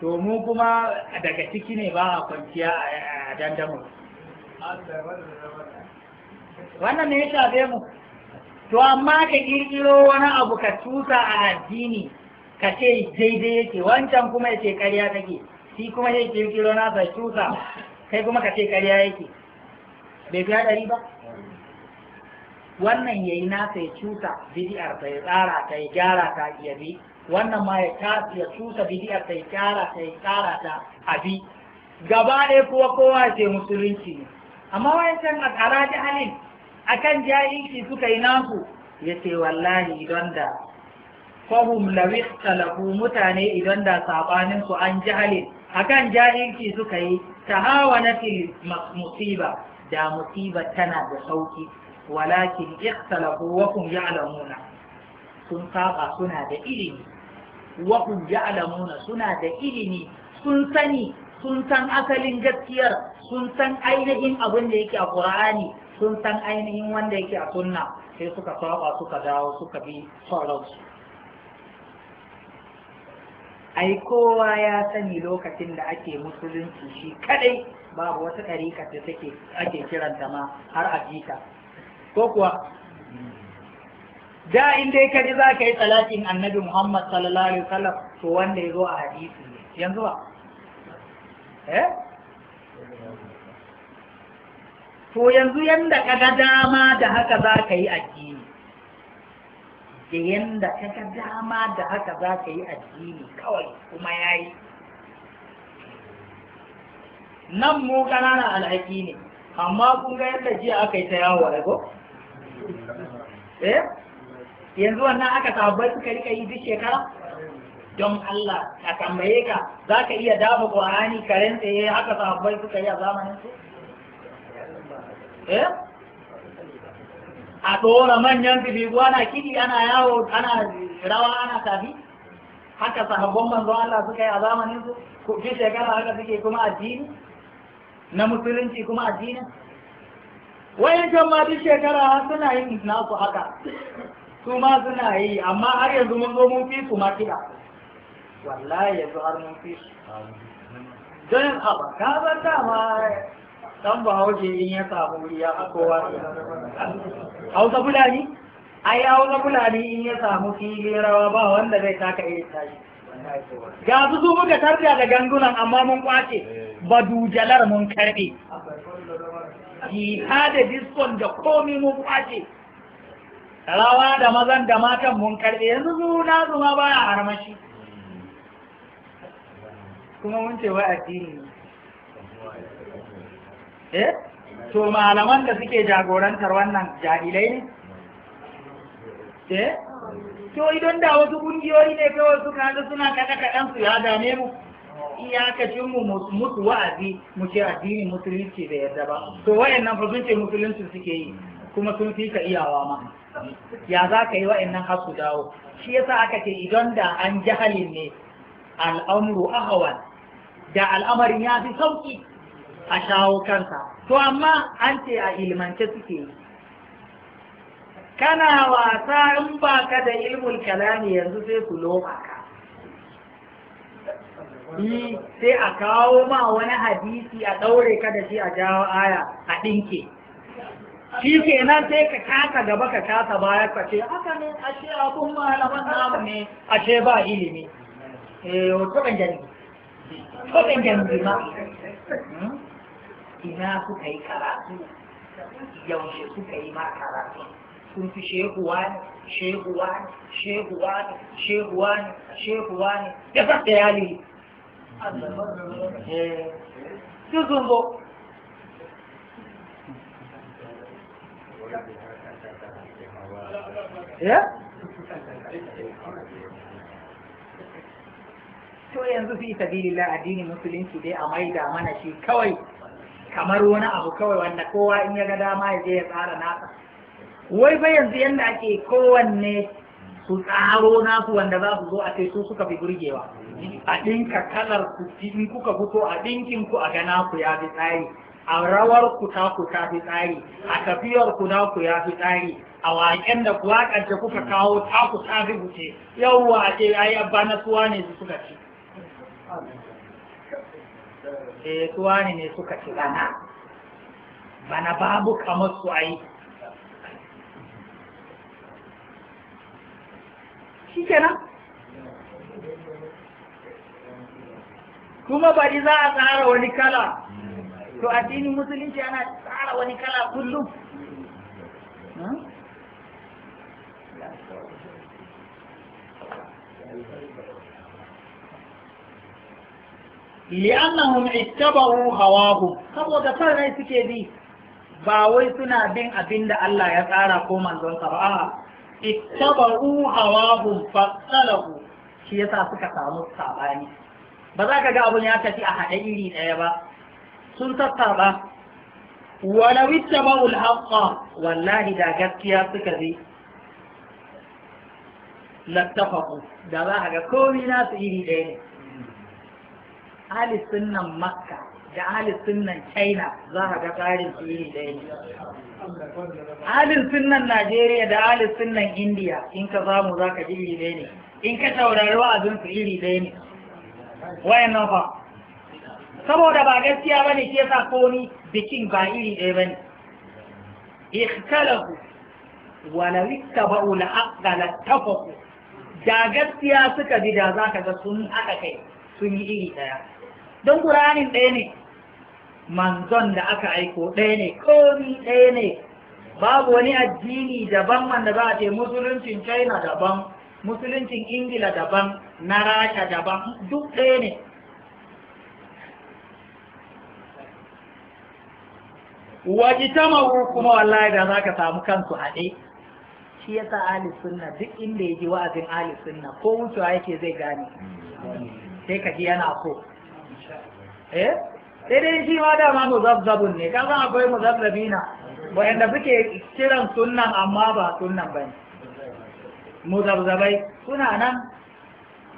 to kuma daga ciki ne ba a kwanciya a dandamu wannan ne ya shafe mu to amma ka ƙirƙiro wani abu ka tusa a addini ka ce daidai yake wancan kuma ya ce ƙarya take shi kuma ya ƙirƙiro nasa tusa kai kuma ka ce ƙarya yake bai fi haɗari ba wannan ya yi nasa ya cuta bidiyar ta ya tsara ta ya gyara ta ya bi wannan ma ya tafi ya tusa bidiyar ta yi kyara ta yi kyara ta abi gaba ɗaya kuwa kowa ce musulunci ne amma wayancan a tsara halin akan jahilci suka yi naku. ya ce wallahi idan da fahum lawi talafu mutane idan da saɓanin su an jahalin akan jahilci suka yi ta hawa na tahawanatil musiba da musiba tana da sauki walakin ikhtalafu wakun hum ya'lamuna sun saba suna da ilimi wa hum ya'lamuna suna da ilimi sun sani sun san asalin gaskiyar sun san ainihin abin da yake a Qur'ani sun san ainihin wanda yake a sunna sai suka saba suka dawo suka bi sauransu ai kowa ya sani lokacin da ake musulunci shi kadai babu wata ɗariƙa da take ake kiranta ma har a jita ko kuwa da in dai ka ji za ka yi talatin annabi Muhammad sallallahu alaihi wasallam to wanda ya zo a hadisi ne, yanzu ba eh to yanzu yanda ka ga dama da haka za ka yi addini da yanda ka ga dama da haka za ka yi addini kawai kuma ya yi nan mu ƙananan alhaki ne amma kun ga yadda jiya aka yi ta yawo ko eh yanzu wannan aka sabai suka rika yi duk shekara don Allah a tambaye ka za ka iya dafa ƙwarani karen tsaye haka sabai suka yi a zamanin su eh a ɗora manyan bibigu ana kiɗi ana yawo ana rawa ana tafi haka sahabban manzo Allah suka yi a zamanin su ku fi shekara haka suke kuma addini na musulunci kuma addini wayan ma duk shekara suna yin nasu haka su ma suna yi amma har yanzu mun zo mun fi su ma kiɗa wallahi yanzu har mun fi su don abu ka san dama ba bahaushe in ya samu ya kowa hausa fulani ai hausa fulani in ya samu fili rawa ba wanda zai taka iya tashi ga su su muka tarbiya da gangunan amma mun kwace ba dujalar mun karbe jihada diskon da komi mun kwace rawa da mazan da matan mun karbe yanzu zuna zuma baya armashi kuma mun ce wai addini eh to malaman da suke jagorantar wannan jahilai ne eh to idan da wasu kungiyoyi ne kawai suka kaza suna kaka kaɗan su ya dame mu iyakacin mu mutu wa'azi mu ce addini musulunci bai yarda ba to wayannan fa sun ce musulunci suke yi kuma sun fi ka iyawa ma ya za ka yi nan har su dawo shi yasa aka ce idan da an halin ne a ahawan da al'amarin ya fi sauki a shawo kansa to amma an ce a ilmance suke yi kana wasa in ba ka da ilmul kalami yanzu sai ku loma ka sai a kawo ma wani hadisi a ɗaure ka da shi a jawo aya a ɗinke shi kenan sai ka kasa gaba ka kasa baya ka ce haka ne ashe abun malaman namu ne ashe ba ilimi eh to kan jani to jani ma hmm? ina kuka yi karatu yaushe kuka yi ma karatu kun fi Shehu ne Shehu ne Shehu ne Shehu ne shehuwa ne ya fasta yali eh. duk sun zo ya to yanzu fi sabilillah addinin musulunci dai a maida mana shi kawai kamar wani abu kawai wanda kowa in ya ga dama ya je ya tsara nasa wai ba yanzu yanda ake kowanne su tsaro nasu wanda za su zo a kai su suka fi burgewa a ɗinka kalar ku in kuka fito a ɗinkin a gana ku ya fi tsari a rawar ku ta ku ta fi tsari a tafiyar ku na ku ya fi tsari a waƙen da ku waƙanta kuka kawo ta ku ta fi wuce yawwa a ce ai abba na suwa ne suka ci eh suwa ne ne suka ci bana bana babu kamar su ai shi kenan kuma bari za a tsara wani kala to addinin musulunci ana tsara wani kala kullum li'annahum ittaba'u hawahum saboda kan rai suke bi ba wai suna bin abinda Allah ya tsara ko manzon sa ba a'a ittaba'u hawahum fasalahu shi yasa suka samu sabani ba za ka ga abun ya tafi a haɗa iri ɗaya ba sun tattaba walau ul haqqa wallahi da gaskiya suka bi lattafaqu da za a ga komai na su iri ɗaya ne ahli sunnan makka da ahli sunnan china za a ga tsarin su iri ɗaya ne ahli sunnan najeriya da ahli sunnan india in ka zamu za ka ji iri ɗaya ne in ka taurari wa'azin su iri ɗaya ne wayan nan fa saboda ba gaskiya bane ke sa ko bikin ba iri ɗaya bane ikhtalafu la ittaba'u la aqala tafaqu da gaskiya suka bi da zaka ga sun aka kai sun yi iri ɗaya don qur'anin ɗaya ne manzon da aka aiko ɗaya ne komi ɗaya ne babu wani addini daban wanda za a ce musuluncin china daban musuluncin ingila daban na rasha daban duk ɗaya ne waji ta kuma wallahi da za ka samu kansu haɗe shi ya sa ahli sunna duk inda ya ji wa'azin ahli sunna ko wucewa yake zai gane sai ka ji yana so eh sai dai shi ma dama muzabbabun ne ka san akwai muzabbabina wayanda suke kiran sunnan amma ba sunnan bane muzabzabai suna nan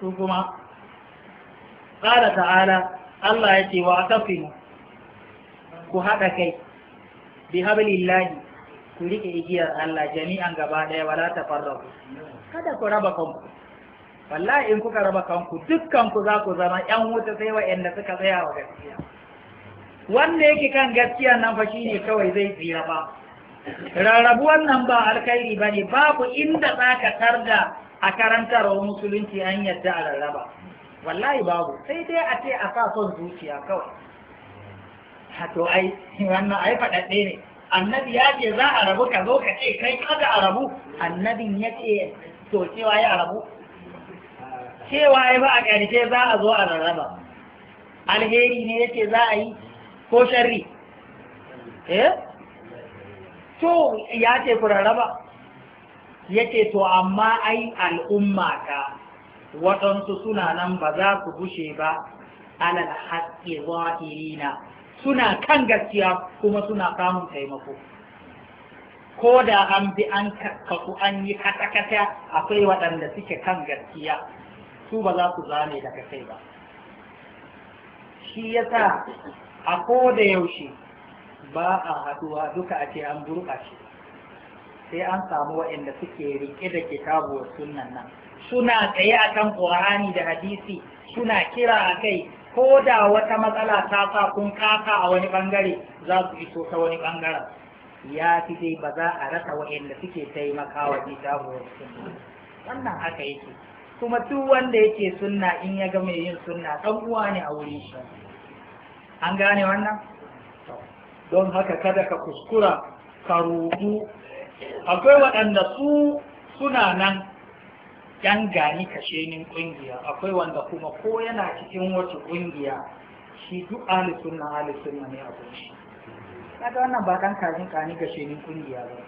su kuma qala ta'ala Allah ya ce wa atasimu ku haɗa kai bi hablillahi ku rike igiyar Allah jami'an gaba ɗaya wala ta farra kada ku raba kanku wallahi in kuka raba kanku dukkan ku za ku zama yan wuta sai wa'anda suka tsaya wa gaskiya wanda yake kan gaskiya nan fa shine kawai zai tsira ba rarrabuwan nan ba alkhairi ba ne babu inda za ka tarda a karantar wa musulunci an yadda a rarraba wallahi babu sai dai a ce a sa son zuciya kawai to ai wannan ai faɗaɗɗe ne annabi ya ce za a rabu ka zo ka ce kai kada a rabu annabin ya ce to cewa ya rabu cewa ya ba a ƙarshe za a zo a rarraba alheri ne ya ce za a yi ko sharri eh to ya ce ku rarraba ya ce to amma ai al'umma ka waɗansu suna nan ba za ku bushe ba alal haƙƙi zahirina suna kan gaskiya kuma suna samun taimako ko da an bi an kasu an yi kata-kata akwai waɗanda suke kan gaskiya su ba za su zame daga kai ba shi ya sa a ko da yaushe ba a haduwa duka a ce an shi sai an samu waɗanda suke riƙe da kitabuwar sunan nan suna tsaye a kan ƙorani da hadisi suna kira a kai ko da wata matsala ta sa kun kasa a wani bangare za su iso ta wani bangaren ya fi dai ba za a rasa waɗanda suke taimaka wa jagorar sunna wannan haka yake kuma duk wanda yake sunna in ya ga mai yin sunna ɗan uwa ne a wurin shi an gane wannan don haka kada ka kuskura ka rubu akwai waɗanda su suna nan Ɗan gani kashenin ƙungiya akwai wanda kuma ko yana cikin wata ƙungiya shi duk ahli sunna ahli sunna ne a kunshi kaga wannan ba ɗan kajin gani kashenin ƙungiya ba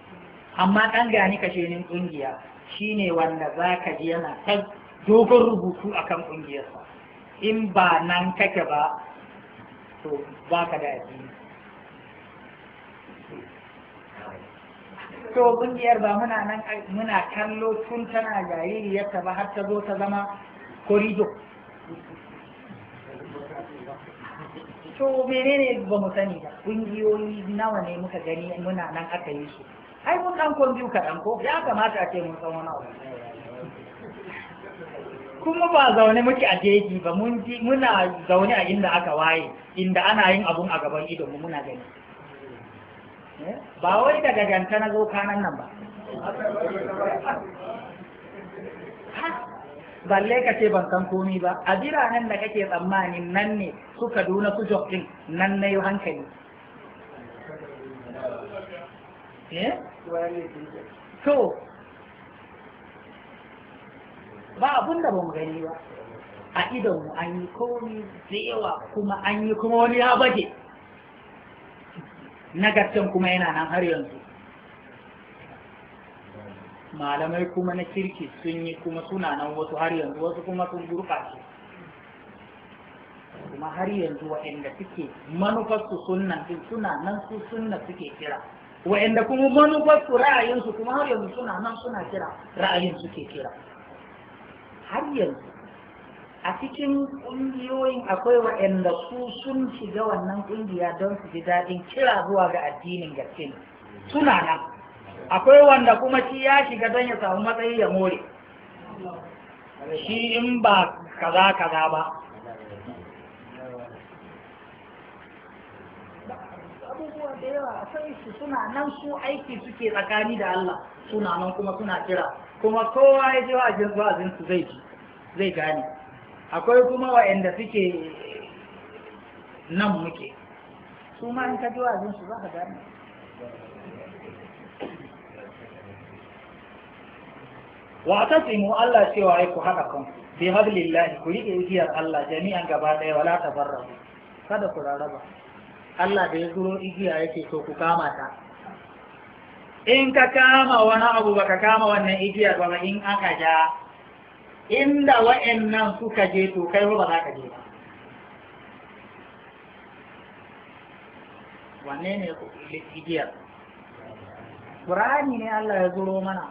amma ɗan gani kashenin ƙungiya shine wanda zaka ji yana ta dogon rubutu akan ƙungiyarsa in ba nan kake ba to baka da addini to ƙungiyar ba muna nan muna kallo tun tana jaririyarta ba har ta zo ta zama korido to menene ba mu sani ba ƙungiyoyi nawa ne muka gani muna nan aka yi su ai mun kan kwan biyu kaɗan ko ya kamata a ce mun san wani abu kuma ba zaune muke a jeji ba muna zaune a inda aka waye inda ana yin abun a gaban idonmu muna gani Eh? ba wai daga ganta na zo kanan nan ba balle ka ce ban san komi ba a biranen da kake tsammanin nan ne su kaduna su din nan na yi hankali eh? to ba abun da ba gani ba a idonmu an yi komi da kuma an yi kuma wani ya bage. nagartan kuma yana nan har yanzu malamai kuma na kirki sun yi kuma suna nan wasu har yanzu wasu kuma sun gurɓace kuma har yanzu waɗanda suke manufarsu sunnan din suna nan su sunna suke kira waɗanda kuma manufarsu ra'ayinsu kuma har yanzu suna nan suna kira ra'ayin suke kira har yanzu a cikin ƙungiyoyin akwai waɗanda su sun shiga wannan ƙungiya don su ji daɗin kira zuwa ga addinin gaske suna nan akwai wanda kuma shi ya shiga don ya samu matsayi ya more shi in ba kaza kaza ba abubuwa da yawa a sai su suna nan su aiki suke tsakani da Allah suna nan kuma suna kira kuma kowa ya je wa'azin wa'azin su zai ji zai gane akwai kuma wa'anda suke nan muke su ma in ka ji wa'azin su za ka gane wa mu Allah cewa ai ku haɗa kan bi hadlillahi ku riƙe igiyar Allah jami'an gaba ɗaya wala tafarrahu kada ku rarraba Allah da ya zuro igiya yake so ku kama ta in ka kama wani abu baka kama wannan igiyar ba in aka ja inda wa'annan suka je to kai ba za ka je ba wanne ne igiyar Qur'ani ne Allah ya zuro mana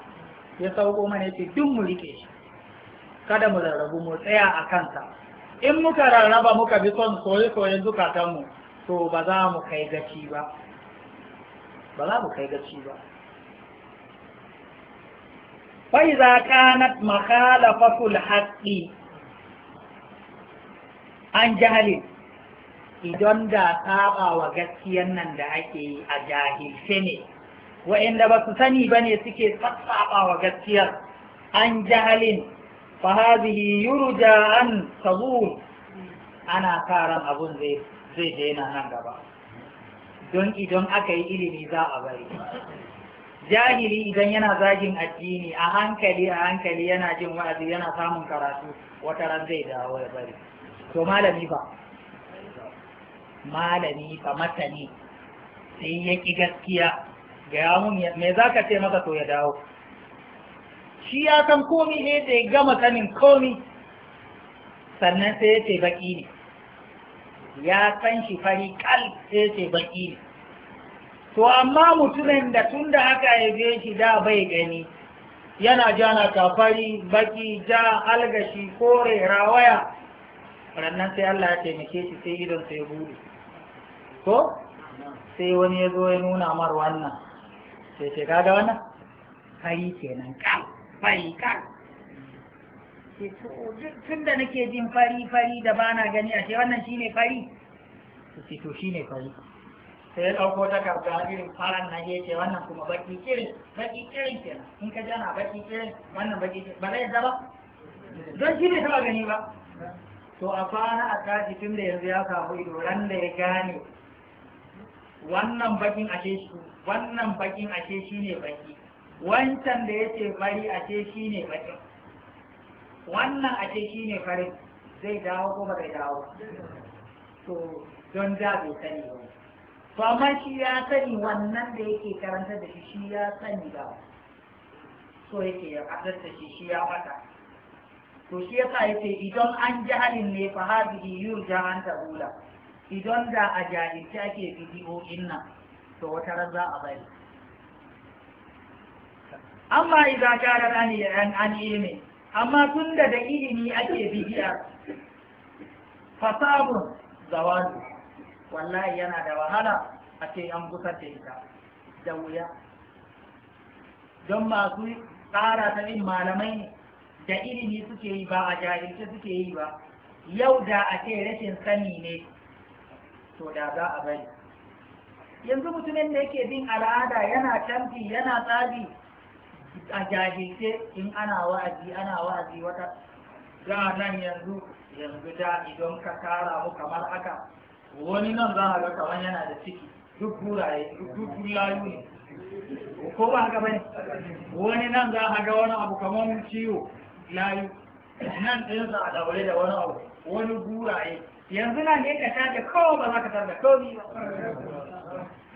ya sauko mana ya ce duk mu rike shi kada mu rarrabu mu tsaya a kansa in muka rarraba muka bi son soye soye zukatanmu to ba za mu kai gaci ba ba za mu kai gaci ba فإذا كانت مخالفة الحق عن جهل idan da saba wa gaskiyan nan da ake yi a jahilce ne wa'inda ba su sani ba ne suke sassaba wa gaskiyar an jahalin fa hadhihi yurja an tazur ana karan abun zai zai daina nan gaba don idan aka yi ilimi za a bari jahili idan yana zagin addini a hankali a hankali yana jin wa'azi yana samun karatu wata ran zai dawo ya bari to malami fa malami fa matani sai ya ki gaskiya ga mun me zaka ce maka to ya dawo shi ya san komi ne da ya gama sanin komi sannan sai ya ce baki ne ya san shi fari kal sai ya ce baki ne to amma mutumin da tun da ya haife shi da bai gani yana jana kafari baki ja algashi kore rawaya rannan sai Allah ya taimake shi sai idon sai bude ko sai wani ya zo ya nuna mar wannan sai ce kaga wannan kai kenan ka fari kai tun da nake jin fari fari da bana gani a ce wannan shine fari to shine fari sai dauko ta takarda irin faran na ke ce wannan kuma baki kirin baki kirin kenan in ka jana baki kirin wannan baki kirin ba zai yadda ba don shi bai taɓa gani ba to a kwana a tashi tun da yanzu ya samu ido ran da ya gane wannan bakin ashe shi wannan bakin ashe shi ne baki wancan da ya ce fari ashe shi ne bakin wannan ashe shi ne farin zai dawo ko ba zai dawo to don da bai sani ba to amma shi ya sani wannan da yake karanta da shi shi ya sani ba so yake ya kadar shi shi ya mata to shi sa yake idan an jahalin ne fa hadhihi yurja an tabula idan da a jahilci ake bidiyoyin inna to wata ran za a bari amma idan ka ne dani an an ilimi amma tun da da ilimi ake bidiya fasabun zawalu wallahi yana da wahala a ce an gusar da ita da wuya don masu tsara ta yin malamai da ilimi suke yi ba a jahilce suke yi ba yau da a ce rashin sani ne to da za a bari yanzu mutumin da yake bin al'ada yana canfi yana tsabi a jahilce in ana wa'azi ana wa'azi wata da nan yanzu yanzu da idan ka kara mu kamar haka wani nan za a ga kawai yana da ciki duk buraye duk layu ne ko ba haka bane wani nan za a ga wani abu kamar ciwo layu nan ɗin za a daure da wani abu wani buraye yanzu nan ne ka tace kawai ba za ka tarda kawai ba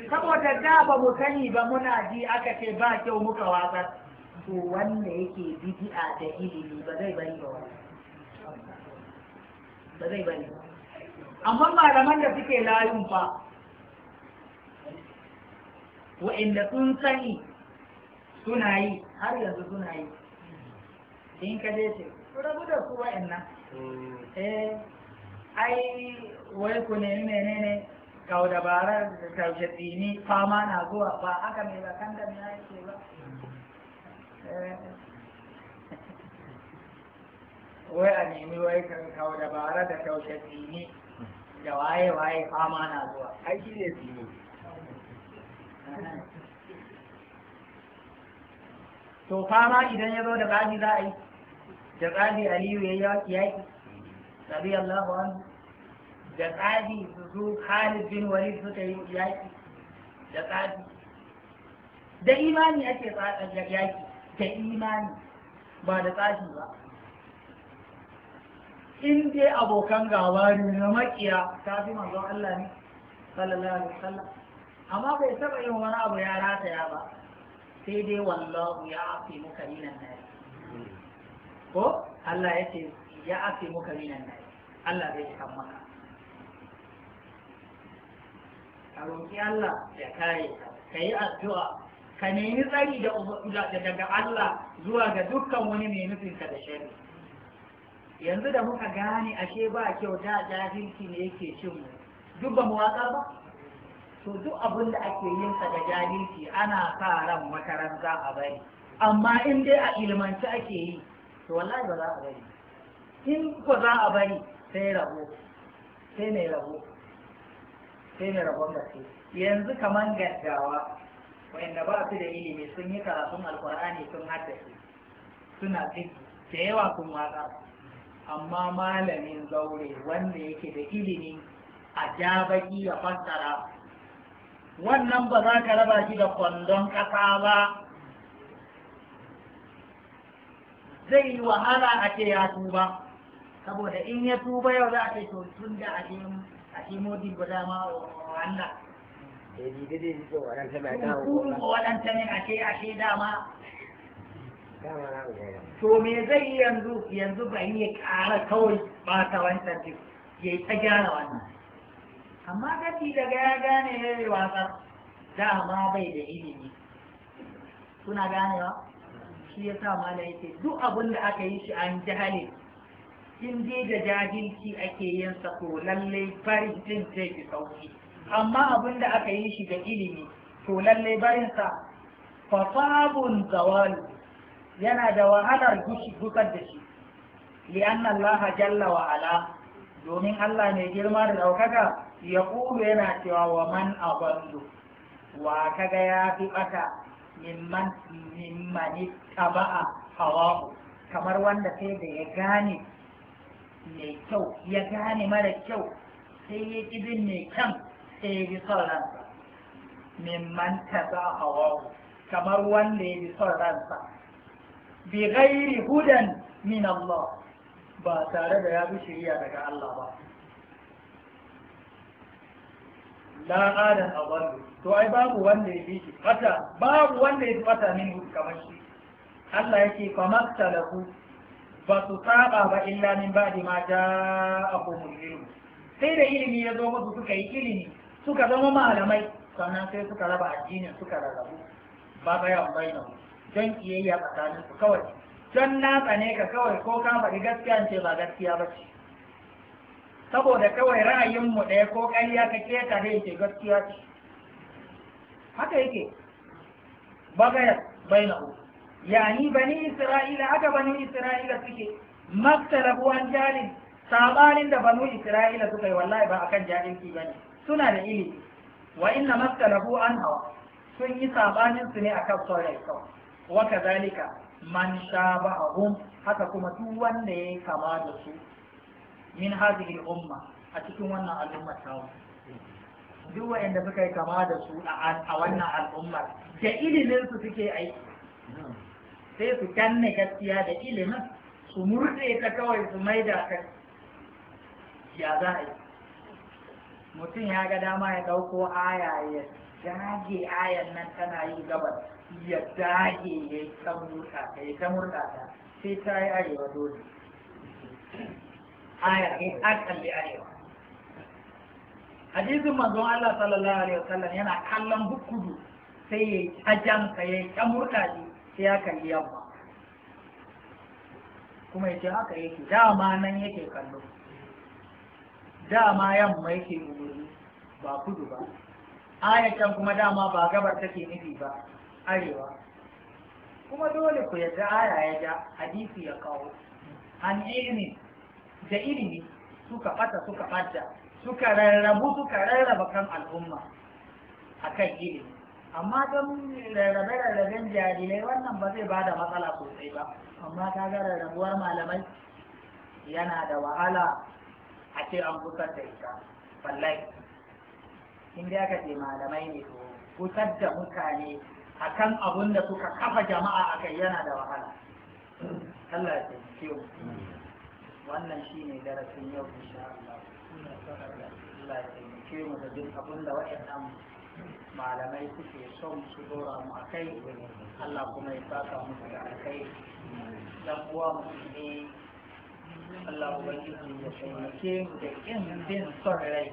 saboda da ba mu sani ba muna ji aka ce ba kyau muka watsar to wanda yake bidi'a da ilimi ba zai bari ba ba zai bari ba amma malaman da suke layun fa wa'inda sun sani suna yi har yanzu suna yi in ka je ce rabu da su wa'annan hmm. eh ai wai ku nemi ne kau dabarar da taushe tsini fama na zuwa ba aka mai kan da ya yake ba eh. wai a nemi wai kau dabara da taushe tsini da waye waye fama na zuwa ai shi ne su to fama idan ya zo da tsani za a yi da tsani aliyu ya yi yaki yaki radiyallahu anhu da tsani su Khalid bin Walid suka yi yaki da tsani da imani ake yaki da imani ba da tsafi ba in dai abokan gawa ne na makiya ta fi manzo Allah ne sallallahu alaihi wasallam amma bai saba yin wani abu ya rataya ba sai dai wallahu ya afi muka minan nari ko Allah ya ce ya afi muka minan nari Allah zai san maka Ka roƙi Allah ya kare ka ka yi addu'a ka nemi tsari daga Allah zuwa ga dukkan wani mai nufinka da shari'a yanzu da muka gane ashe ba kyau da jahilci ne yake cin mu duk ba mu waka ba to duk abin da ake yin sa da jahilci ana sa ran makaranta a bari amma in dai a ilmanci ake yi to wallahi ba za a bari in ko za a bari sai rabo sai mai rabo sai mai rabon gaske yanzu kaman gaddawa wanda ba su da ilimi sun yi karatun alkur'ani sun haddace suna cikin da yawa sun waka. amma malamin zaure wanda yake da ilimi a jabaki ya fassara wannan ba za ka raba shi da kwandon ƙasa ba zai yi wahala a ce ya tuba saboda in ya tuba yau za a ce to tun da a ce modi eh, ba dama wannan waɗanta ne a ce a ce dama to me zai yi yanzu yanzu ba ya ƙara kawai ba ta wancan duk ya ta gyara wannan amma gafi daga ya gane ya yi wasan, dama bai da ilimi kuna ganewa shi ya sa mana yake duk abin da aka yi shi an jahale in dai da jahilci ake yin sa to lallai farin jin zai fi sauki amma abin da aka yi shi da ilimi to lallai sa fasabun zawalu yana da wahalar gusar da shi li'anna Allah jalla wa ala domin Allah mai girma da ɗaukaka ya ƙulu yana cewa wa man aballu wa kaga ya fi bata mimman mimman taba'a hawahu kamar wanda sai da ya gane mai kyau ya gane mara kyau sai ya ƙi bin mai kyan sai ya bi son ransa mimman taba'a hawahu kamar wanda ya bi son ransa bi ghairi hudan min Allah ba tare da ya bi shiriya daga Allah ba la adam awal to ai babu wanda ya bi shi fata babu wanda ya fata min kamar shi Allah yake kamar talahu ba su saba ba illa min ba'di ma ja'akumul ilm sai da ilimi ya zo musu suka yi ilimi suka zama malamai sannan sai suka raba addinin suka rarrabu ba bayan bainahu don kiyayya tsakanin su kawai don na tsane ka kawai ko ka faɗi gaskiya ce ba gaskiya ba ce saboda kawai ra'ayinmu ɗaya ko ƙarya ka keta da ce gaskiya ce haka yake bagayar ya yani bani isra'ila haka bani isra'ila suke maktalabu buwan jalin sabanin da banu isra'ila suka yi wallahi ba akan jalin ba ne suna da ilimi wa inna maktalabu an hawa sun yi sabanin su ne akan saurayi kawai wa kazalika man shabahum haka kuma duk wanda ya kama da su min hadhihi umma a cikin wannan al'ummar tawo duk wanda suka yi kama da su a wannan al'ummar da ilimin su suke aiki sai su kanne gaskiya da ilimin su murde ta kawai su maida ka ya za a yi mutum ya ga dama ya dauko aya ya jage ayan nan tana yi gabas ya dage ya yi ta murɗa ta ya ta murɗa ta sai ta yi arewa dole aya ne eh, akalli arewa hadisin manzon Allah sallallahu alaihi wasallam yana kallon bukudu sai ya yi ta jamsa ya yi ta murɗa ne sai ya kalli yamma kuma ya ce haka yake dama nan yake kallo dama yamma yake umurni ba kudu ba ayatan kuma dama ba gabar take nufi ba arewa kuma dole ku yadda aya ya ja hadisi ya kawo an ilmi da ilimi suka fata suka fata, suka rarrabu suka rarraba kan al'umma a kan ilimi amma don rarrabe-rarraben jarirai wannan ba zai bada matsala sosai ba amma ta ga rarrabuwar malamai yana da wahala a ce an kusa da ita wallahi inda aka ce malamai ne to kusa da mutane akan abun da suka kafa jama'a a kai yana da wahala Allah ya taimake mu wannan shine darasin yau insha Allah Allah ya taimake mu da duk abun da waɗannan malamai suke son su dora mu a kai Allah kuma ya saka mu da kai. dan uwa ne. Allah ya taimake mu da yin bin son rai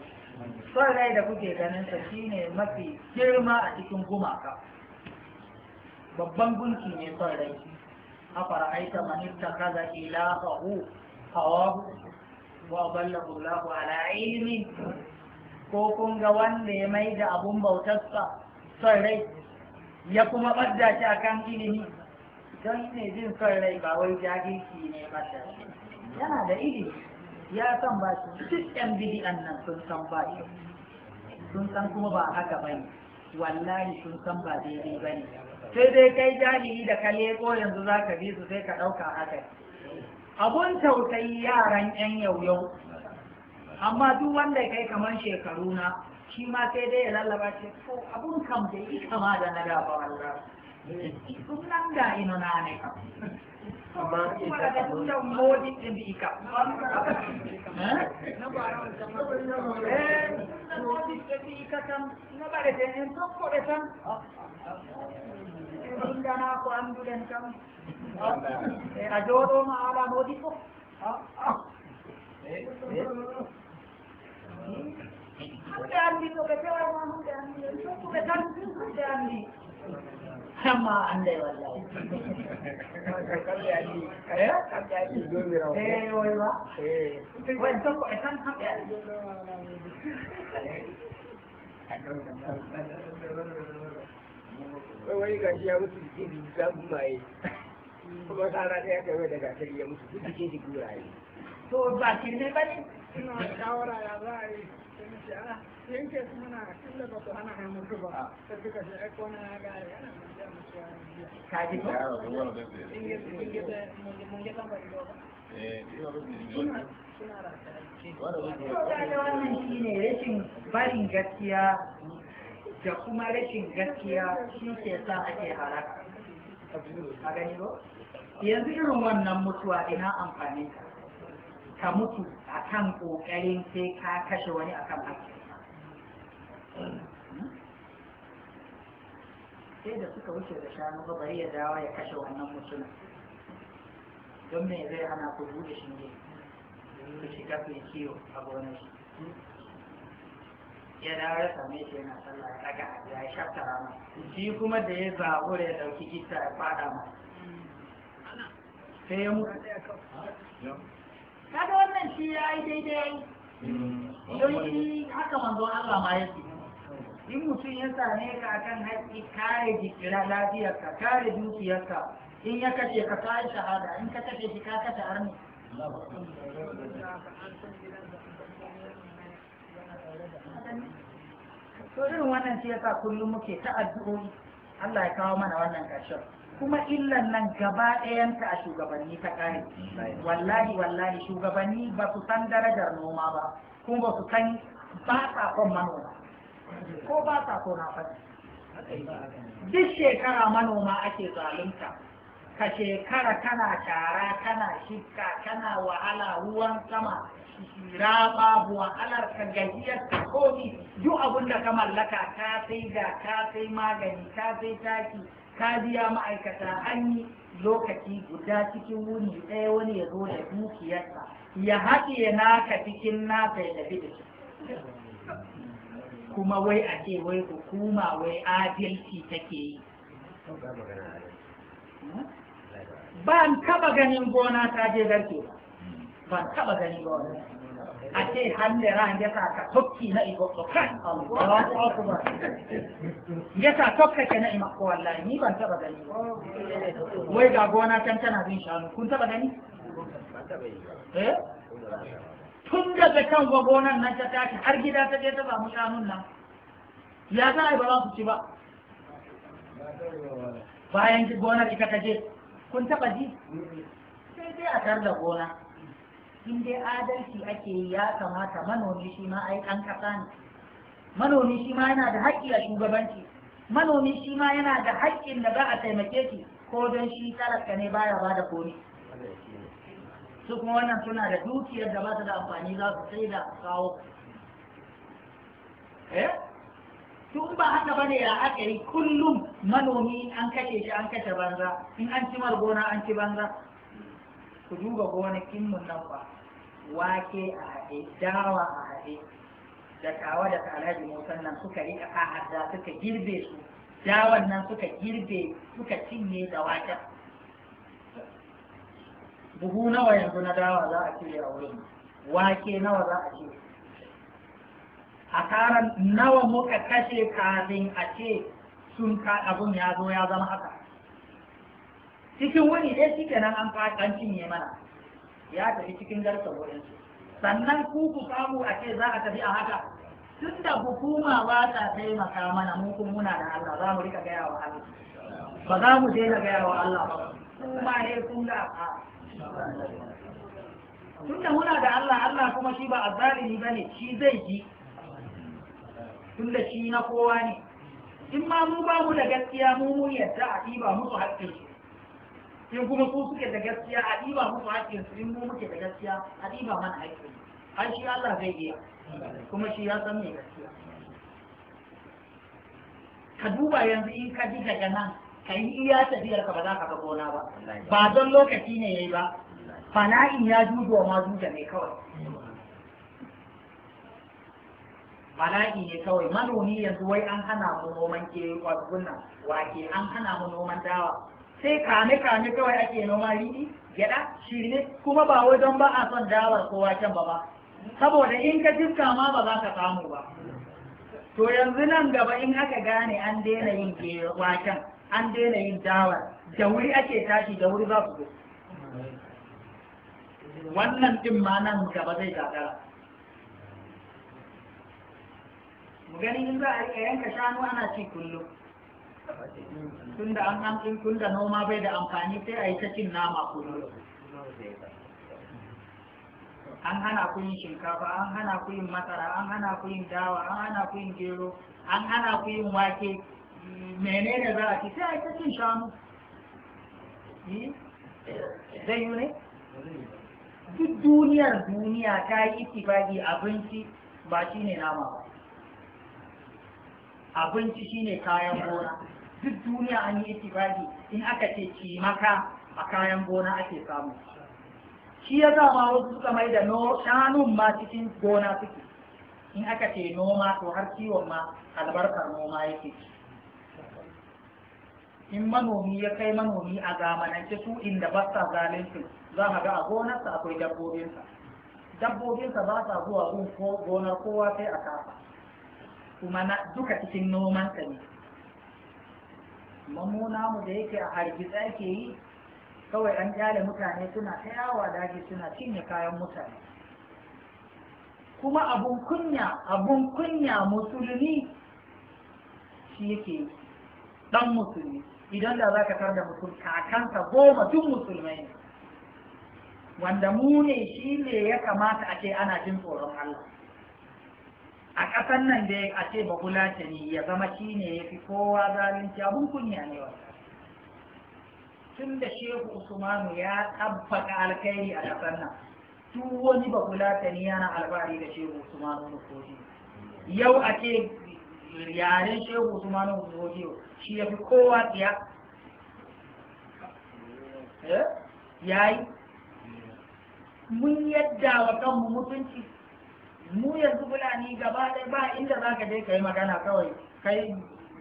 son rai da kuke ganin sa shine mafi girma a cikin gumaka babban gunki ne son rai a fara'aita manita kaza hau hawahu wa ballahu lahu ala ilimi ko kun ga wanda ya mai da abun bautarsa son rai ya kuma ɓadda shi a kan ilimi don ne jin son rai ba wai jahilci ne masa yana da ilimi ya san ba shi duk yan bidi'an nan sun san ba shi sun san kuma ba haka bane wallahi sun san ba daidai bane sai dai kai jahili da ka leko yanzu za ka bi su sai ka ɗauka haka abun tausayi yaran yan yau, amma duk wanda kai kamar shekaru na shi ma sai dai ya lallaba ce ko abun kam da yi kama da na dafa wallah sun nan da ino na ne kam amma ita da tutan modi din bi ka na da tokko عندنا فأمد لن كم أجورهم على مودكم Hamde anndi to ɓe pewama hamde anndi sokkuɓe tan hamde anndi amma annde wallahi kamɓe anndi kamɓe anndi jomirawo e oywa way sokkoɓe tan hamɓe anndi wai wani gashi ya mutu jikin shi samun maye kuma rana ɗaya kai da gasar ya mutu duk da shi guraye to ba ki ne ba ne suna shawara ya za a yi sun ce ah, ba su hana ba ta ya yana mutu ya mutu ya mutu ba mun ba eh, ido ba Wannan shi ne rashin barin gaskiya da kuma rashin gaskiya shi ke sa ake halaka a gani ba yanzu irin wannan mutuwa ina amfani ka mutu a kan ƙoƙarin sai ka kashe wani a kan sai da suka wuce da shanu ba bari ya dawo ya kashe wannan mutum don me zai ana ku buɗe shinge ku shiga ku kiwo a gonar shi ya dawo ya same shi yana sallah ya daga abu ya shaftara ma shi kuma da ya zabura ya dauki gita ya fada ma sai ya mutu kaga wannan shi ya yi daidai don shi haka manzo Allah ma ya yake in mutum ya same ka akan haƙƙi kare jikira lafiyarka kare dukiyarka in ya kashe ka kayi shahada in ka kashe shi ka kashe arni to irin wannan shi yasa kullum muke ta addu'o'i Allah ya kawo mana wannan ƙarshen kuma illan nan gaba ɗayanta a shugabanni ta ƙare wallahi wallahi shugabanni ba su san darajar noma ba kuma ba su san ba sa son manoma ko ba sa so na duk shekara manoma ake zalunta ka shekara kana shara kana shikka kana wahala ruwan sama shira babu wahalar ka gajiyar ka duk abin da ka mallaka ka sai da ka sai magani ka sai taki ka biya ma'aikata an lokaci guda cikin wuni ɗaya wani ya zo da dukiyarsa ya haɗe naka cikin nasa ya da shi kuma wai a ce wai hukuma wai adalci take yi ban taba ganin gona ta je garke ban taba ganin gona a ce hannun ran ya sa ka tokki na igogbo kan ya sa tokka ke na ko wallahi ni ban taba gani wai ga gona can tana bin shanu kun taba gani eh? tun daga kan wa gonan nan ta tashi har gida ta je ta samu shanun nan ya za a yi ba za su ci ba bayan gonar ita ta je kun taba ji sai dai a tar da gona in dai adalci ake yi ya kamata manomi shi ma ai an kasa ne manomi shi ma yana da haƙƙi a shugabanci manomi shi ma yana da haƙƙin da za a taimake shi ko don shi talaka ne baya ba da komi su kuma wannan suna da dukiyar da ba ta da amfani za su sai da kawo eh tun ba haka bane ya aka yi kullum manomi an kashe shi an kashe banza in an ci mar gona an ci banza ku duba gonakin mu nan ba wake a haɗe dawa a haɗe da kawa da alhaji musan nan suka riƙa a suka girbe su dawan nan suka girbe suka cinye da wata buhu nawa yanzu na dawa za a cire a wurin wake nawa za a cire hasaran nawa muka kashe kafin a ce sun ka abun ya zo ya zama haka cikin wani dai shi kenan an an cinye mana ya tafi cikin garsa wurin sannan ku ku samu a ce za a tafi a haka tun da hukuma ba ta taimaka mana mu kuma muna da Allah za mu rika gaya wa Allah ba za mu na gaya wa Allah ba kuma ne kun da tun da muna da Allah Allah kuma shi ba azzalimi bane shi zai ji tunda shi na kowa ne in ma mu ba mu da gaskiya mu mu yadda a ɗiba musu haƙƙin su in kuma su suke da gaskiya a ɗiba musu haƙƙin su in mu muke da gaskiya a ɗiba mana haƙƙin An shi Allah zai iya kuma shi ya san mai gaskiya ka duba yanzu in ka ji daga nan ka yi iya tafiyar ka ba za ka ga gona ba ba don lokaci ne yayi ba fana'in ya jujuwa ma juja ne kawai bala'i ne kawai manomi yanzu wai an hana mu noman ke kwazunan wake an hana mu noman dawa sai kame kame kawai ake noma riɗi gyaɗa ne kuma ba wajen ba a son dawar ko waken ba ba saboda in ka jiska ma ba za ka samu ba to yanzu nan gaba in aka gane an daina yin waken an daina yin dawar da wuri ake tashi da wuri za su zo wannan ɗin ma nan gaba zai gagara Mu ganin in za a rika yanka shanu ana ci kullum tunda an an tunda noma bai da amfani sai a yi ta cin nama kullum an hana ku yin shinkafa an hana ku yin masara an hana ku yin dawa an hana ku yin gero an hana ku yin wake menene za a ci sai a yi ta cin shanu zai yi ne duk duniyar duniya ta yi ittifaki abinci ba shi ne nama ba abinci shine kayan gona duk duniya an yi itibari in aka ce cimaka a kayan gona ake samu shi ya zama ma wasu suka mai da shanun ma cikin gona suke in aka ce noma to har ciwon ma albarkar noma yake in manomi ya kai manomi a zamanance su inda ba sa za a ga a gonarsa akwai dabbobinsa dabbobinsa ba sa zuwa gun gonar kowa sai a kafa kuma na duka cikin noman ne mamu mu da yake a hargitsa yake yi kawai an kyale mutane suna ta yawa daji suna cinye kayan mutane kuma abun kunya abun kunya musulmi shi yake dan musulmi idan da za ka tar da mutum kakansa goma duk musulmai ne wanda mu ne shi ne ya kamata a ce ana jin tsoron Allah a ƙasar nan da a ce ba kulace ne ya zama shi ne ya fi kowa zalunci abin kunya ne wannan tun da shehu usmanu ya tabbata alkhairi a ƙasar nan duk wani ba kulace ne yana albari da shehu usmanu nufoji yau a ce yaren shehu usmanu nufoji shi ya fi kowa tsiya eh? yayi mun yadda wa kanmu mutunci mu yanzu fulani gaba ɗaya ba inda za ka je ka yi magana kawai kai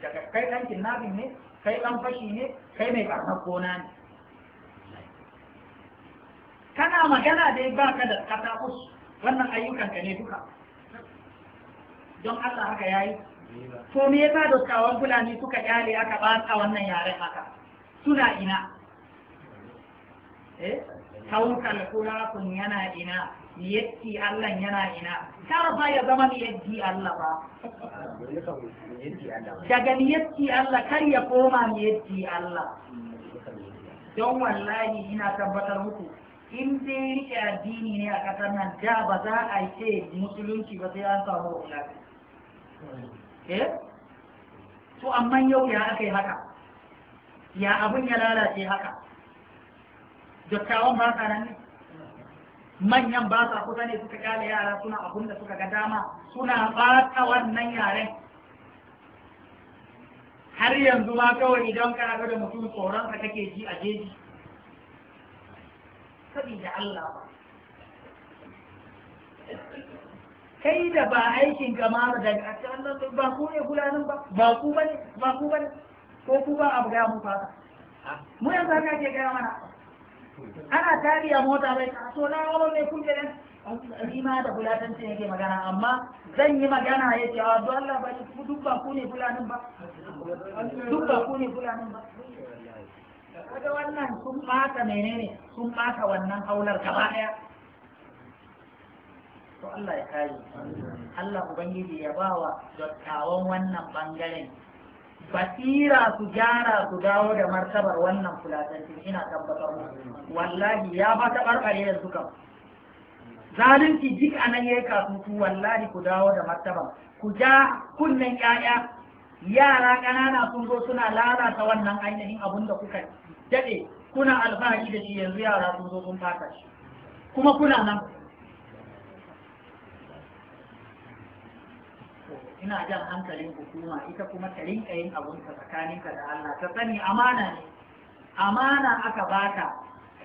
daga kai ɗan kidnapping ne kai ɗan fashi ne kai mai ɓarnar gona ne kana magana dai ba ka da ƙasa us wannan ayyukan ka ne duka don Allah haka ya yi to me yasa kawai fulani suka kyale aka ɓata wannan yaren haka suna ina eh kawukan kun yana ina yaddi Allah yana ina kar ba ya zama yaddi Allah ba daga yaddi Allah kar ya koma yaddi Allah don wallahi ina tabbatar muku in dai rike addini ne a ƙasar nan da ba za a yi ce musulunci ba sai an samu wulafi eh to amma yau ya aka yi haka ya abin ya lalace haka dattawan ba sa nan ne manyan ba sa kusa ne suka kyale yara suna abun da suka ga dama suna ɓata wannan yaren har yanzu ma kawai idan kana ga da mutum tsoron ka kake ji a jeji da Allah ba kai da ba aikin gama da daga ba ku ne gulanin ba ba ku bane ba ku bane ko ku ba abu ga mu fata mu yanzu haka ke gaya mana ana tariya mota bai so na wani mai kun gidan ni ma da bulatanci yake magana amma zan yi magana ya ce a ah, don Allah ba duk ba ku ne ba duk ba ku ne fulanin ba kaga wannan sun mata menene sun mata wannan haular gaba daya to Allah ya kai Allah ubangiji ya bawa dattawan wannan bangaren fasira su gyara su dawo da martabar wannan fulatancin ina tabbatar mu wallahi ya ba ta barbare da suka zalunci duk a nan yayi su wallahi ku dawo da martaba ku ja kunnen yaya yara ƙanana sun zo suna lalata wannan ainihin abun da kuka dade kuna alfahari da shi yanzu yara sun zo sun fata shi kuma kuna nan ina jan hankalin hukuma ita kuma ta rinka yin abunta tsakaninka da Allah ta sani amana ne amana aka baka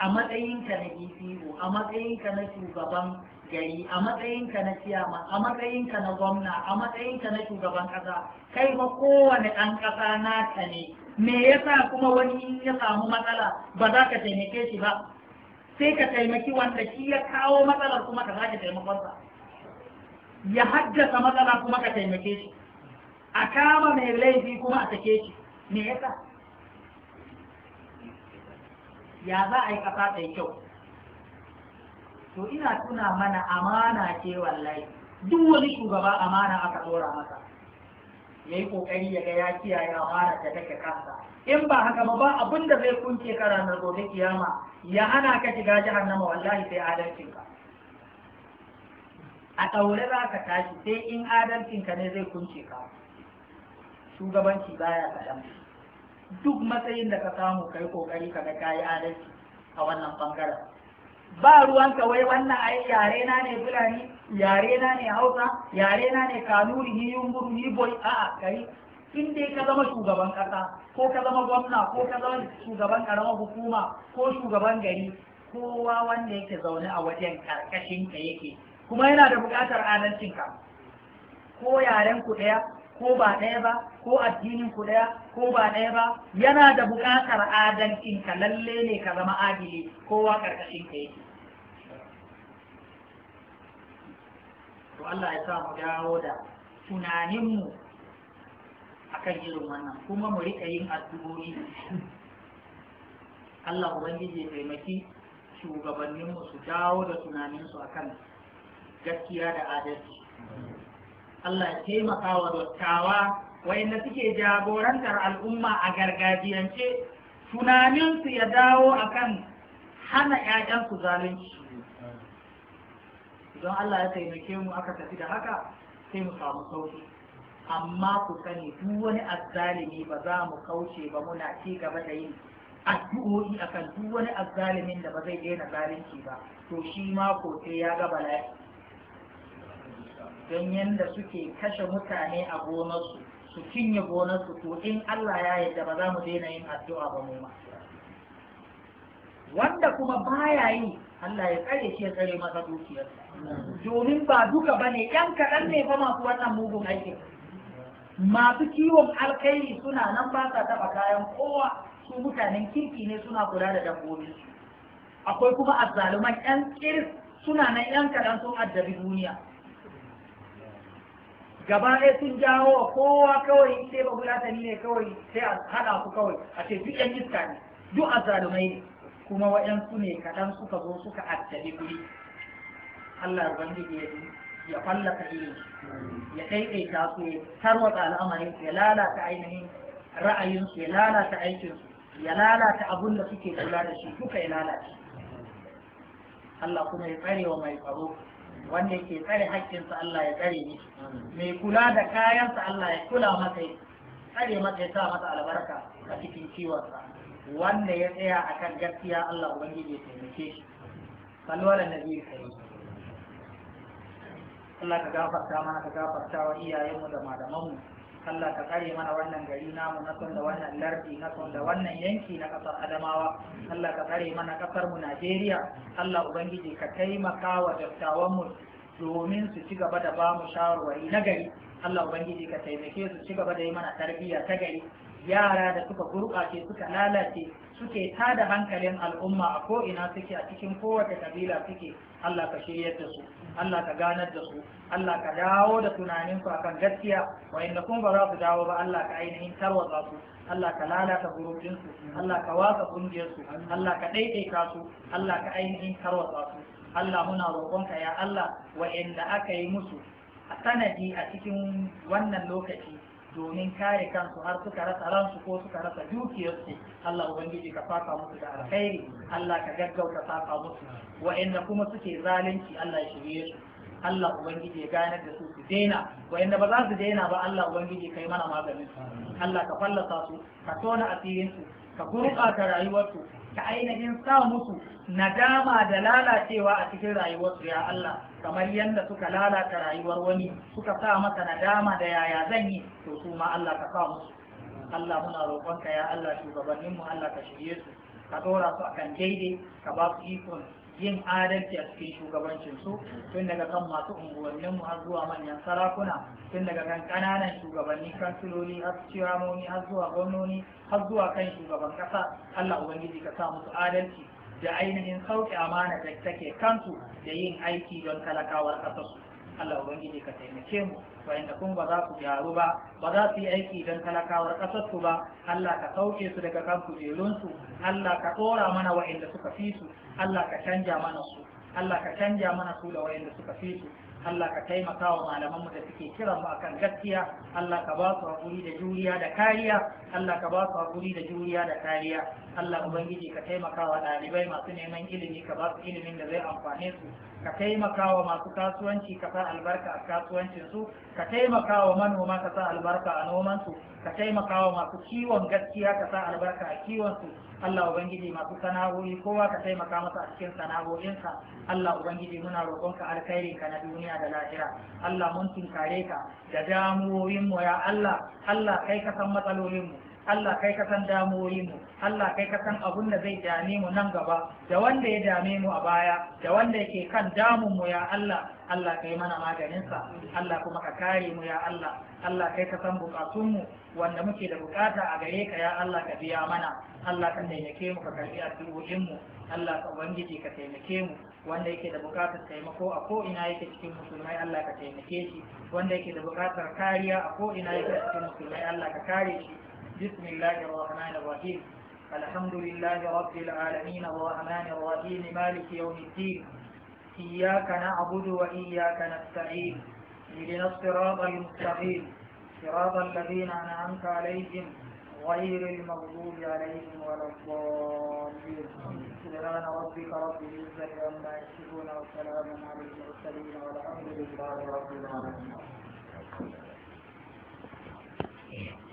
a matsayinka na DPO e a matsayinka na shugaban gari a matsayinka na ciyama a matsayinka na gwamna a matsayinka na shugaban kasa kai ma kowane ɗan ƙasa naka ne me yasa kuma wani in ya samu matsala ba za ka taimake shi ba sai ka taimaki wanda shi ya kawo matsalar kuma ka za ka taimakonsa ya haddasa matsala kuma ka taimake shi a kama mai laifi kuma a sake shi me yasa ya za a yi ƙasa ta kyau to ina tuna mana amana ce wallahi duk wani shugaba amana aka dora masa ya yi ƙoƙari ya ga ya kiyaye amana da take kansa in ba haka ba ba abin da zai kunce karanar gobe kiyama ya hana ka shiga jahannama wallahi sai adalcinka a ɗaure za ka tashi sai in adalcinka ne zai kunce ka shugabanci baya kaɗan duk matsayin da ka samu kai kokari ka ga yi adalci a wannan bangaren ba ruwanka wai wannan ai yare na ne fulani yare na ne hausa yare na ne kanuri ni yunguru ni boy a kai in dai ka zama shugaban kasa ko ka zama gwamna ko ka zama shugaban ƙaramar hukuma ko shugaban gari kowa wanda yake zaune a wajen karkashin ka yake kuma yana da buƙatar adalcinka ko yaren ku ɗaya ko ba ɗaya ba ko addinin ku ɗaya ko ba ɗaya ba yana da buƙatar adalcinka lalle ne ka zama adili kowa ƙarƙashin ka yake to Allah ya sa mu dawo da tunaninmu akan irin wannan kuma mu riƙa yin addu'o'i Allah Ubangiji ya taimaki shugabanninmu su dawo da tunaninsu akan gaskiya da adalci Allah ya taimaka wa dattawa na suke jagorantar al'umma a gargajiyance tunaninsu ya dawo akan hana 'ya'yansu zalunci don Allah ya taimake mu aka tafi da haka sai mu samu sauki amma ku sani duk wani azzalimi ba za mu kauce ba muna ci gaba da yin addu'o'i akan duk wani azzalimin da ba zai daina zalunci ba to shi ma ko sai ya ga bala'i Ganyen da suke kashe mutane a gonarsu su cinye gonarsu to in Allah ya yarda ba za mu daina yin addu'a ba mu ma wanda kuma baya yi Allah ya tsare shi ya tsare masa dukiyar domin ba duka bane yan kaɗan ne fa masu wannan mugun aikin masu kiwon alkairi suna nan ba sa taɓa kayan kowa su mutanen kirki ne suna kula da dabbobin akwai kuma azzaluman yan kiris suna nan yan kaɗan sun addabi duniya gaba ɗaya sun jawo wa kowa kawai sai ba bulatani ne kawai sai a haɗa ku kawai a ce duk yan iska ne duk azzalumai ne kuma waɗansu ne kaɗan suka zo suka addabi guri Allah ubangiji ya fallaka ilimi ya ɗaiɗaita su ya tarwatsa al'amarin ya lalata ainihin ra'ayinsu ya lalata aikinsu ya lalata abun da suke kula da shi duka ya lalata. Allah kuma ya tsare wa mai tsaro wanda yake tsare haƙƙinsa Allah ya tsare ni mai kula da kayansa Allah ya kula masa ya tsare masa ya sa masa albarka a cikin ciwonsa wanda ya tsaya akan gaskiya Allah ubangiji ya taimake shi sallu ala nabi kai Allah ka gafarta mana ka gafarta wa iyayenmu da malamanmu Allah ka kare mana wannan gari namu na son da wannan lardi na son da wannan yanki na kasar Adamawa Allah ka kare mana kasar mu Najeriya Allah ubangiji ka taimaka wa dattawan mu domin su ci gaba da ba mu shawarwari na gari Allah ubangiji ka taimake su ci gaba da yi mana tarbiyya ta gari yara da suka gurɓace suka lalace suke tada hankalin al'umma a ko'ina suke a cikin kowace kabila suke Allah ka shiryar da su Allah ka ganar da su Allah ka dawo da tunaninku akan gaskiya wa'inda kun ba za su dawo ba Allah ka ainihin tarwatsa su Allah ka lalata gurubin Allah ka wasa ƙungiyarsu. Allah ka ɗaiɗaita su Allah ka ainihin tarwatsa su Allah muna roƙonka ya Allah wa'inda aka yi musu sanadi a cikin wannan lokaci domin kare kansu har suka rasa ransu ko suka rasa dukiyarsu Allah ubangiji ka fasa musu da alkhairi Allah ka gaggauta faka musu wa'anda kuma suke zalunci Allah ya shirye su Allah ubangiji ya ganar da su su daina wa'anda ba za su daina ba Allah ubangiji kai mana maganin Allah ka fallasa su ka tona asirin su ka gurɓata rayuwarsu ka ainihin sa musu nadama da lalacewa a cikin rayuwarsu ya Allah kamar yadda suka lalata rayuwar wani suka sa masa nadama da yaya zan yi to su ma Allah ka sa musu Allah muna roƙonka ya Allah shugabanninmu Allah ka shirye su ka dora su akan daidai ka ba su ikon yin adalci a cikin shugabancin su tun daga kan masu unguwannin har zuwa manyan sarakuna tun daga kan kananan shugabanni kansiloli har ciyamomi har zuwa gwamnoni har zuwa kan shugaban kasa Allah ubangiji ka sa musu adalci da ainihin sauke amana da take kansu da yin aiki don talakawar su Allah ubangiji ka taimake mu wa'inda kun ba za su gyaru ba ba za su yi aiki don talakawar ƙasarsu ba Allah ka sauke su daga kan kujerunsu Allah ka tsora mana wa'inda suka fi su Allah ka canja mana su Allah ka canja mana su da wayanda suka fi su Allah ka taimaka wa malamanmu da suke kiran mu akan gaskiya Allah ka ba su hakuri da juriya da kariya Allah ka ba su hakuri da juriya da kariya Allah Ubangiji ka taimakawa ɗalibai masu neman ilimi ka ba su ilimin da zai amfane su ka taimakawa masu kasuwanci ka sa albarka a kasuwancin su ka taimakawa manoma ka sa albarka a noman su ka taimakawa masu kiwon gaskiya ka sa albarka a kiwon su Allah Ubangiji masu sana'o'i kowa ka taimaka masa a cikin sana'o'inka. Allah Ubangiji muna ka alkhairin ka na duniya da lahira Allah mun tunkare ka da damuwoyin mu ya Allah Allah kai ka san matsalolin mu Allah kai ka san damuwoyi mu Allah kai ka san abun da zai dame mu nan gaba da wanda ya dame mu a baya da wanda yake kan damun mu ya Allah Allah kai mana maganinsa Allah kuma ka kare mu ya Allah Allah kai ka san bukatun mu wanda muke da bukata a gare ka ya Allah ka biya mana Allah ka taimake mu ka karbi addu'o'in mu Allah ka ubangiji ka taimake mu wanda yake da bukatar taimako a ko ina yake cikin musulmai Allah ka taimake shi wanda yake da bukatar kariya a ko ina yake cikin musulmai Allah ka kare shi بسم الله الرحمن الرحيم الحمد لله رب العالمين الرحمن الرحيم مالك يوم الدين إياك نعبد وإياك نستعين اهدنا الصراط المستقيم صراط الذين أنعمت عليهم غير المغضوب عليهم ولا الضالين سبحان ربك رب العزة عما يصفون وسلام على المرسلين والحمد لله رب العالمين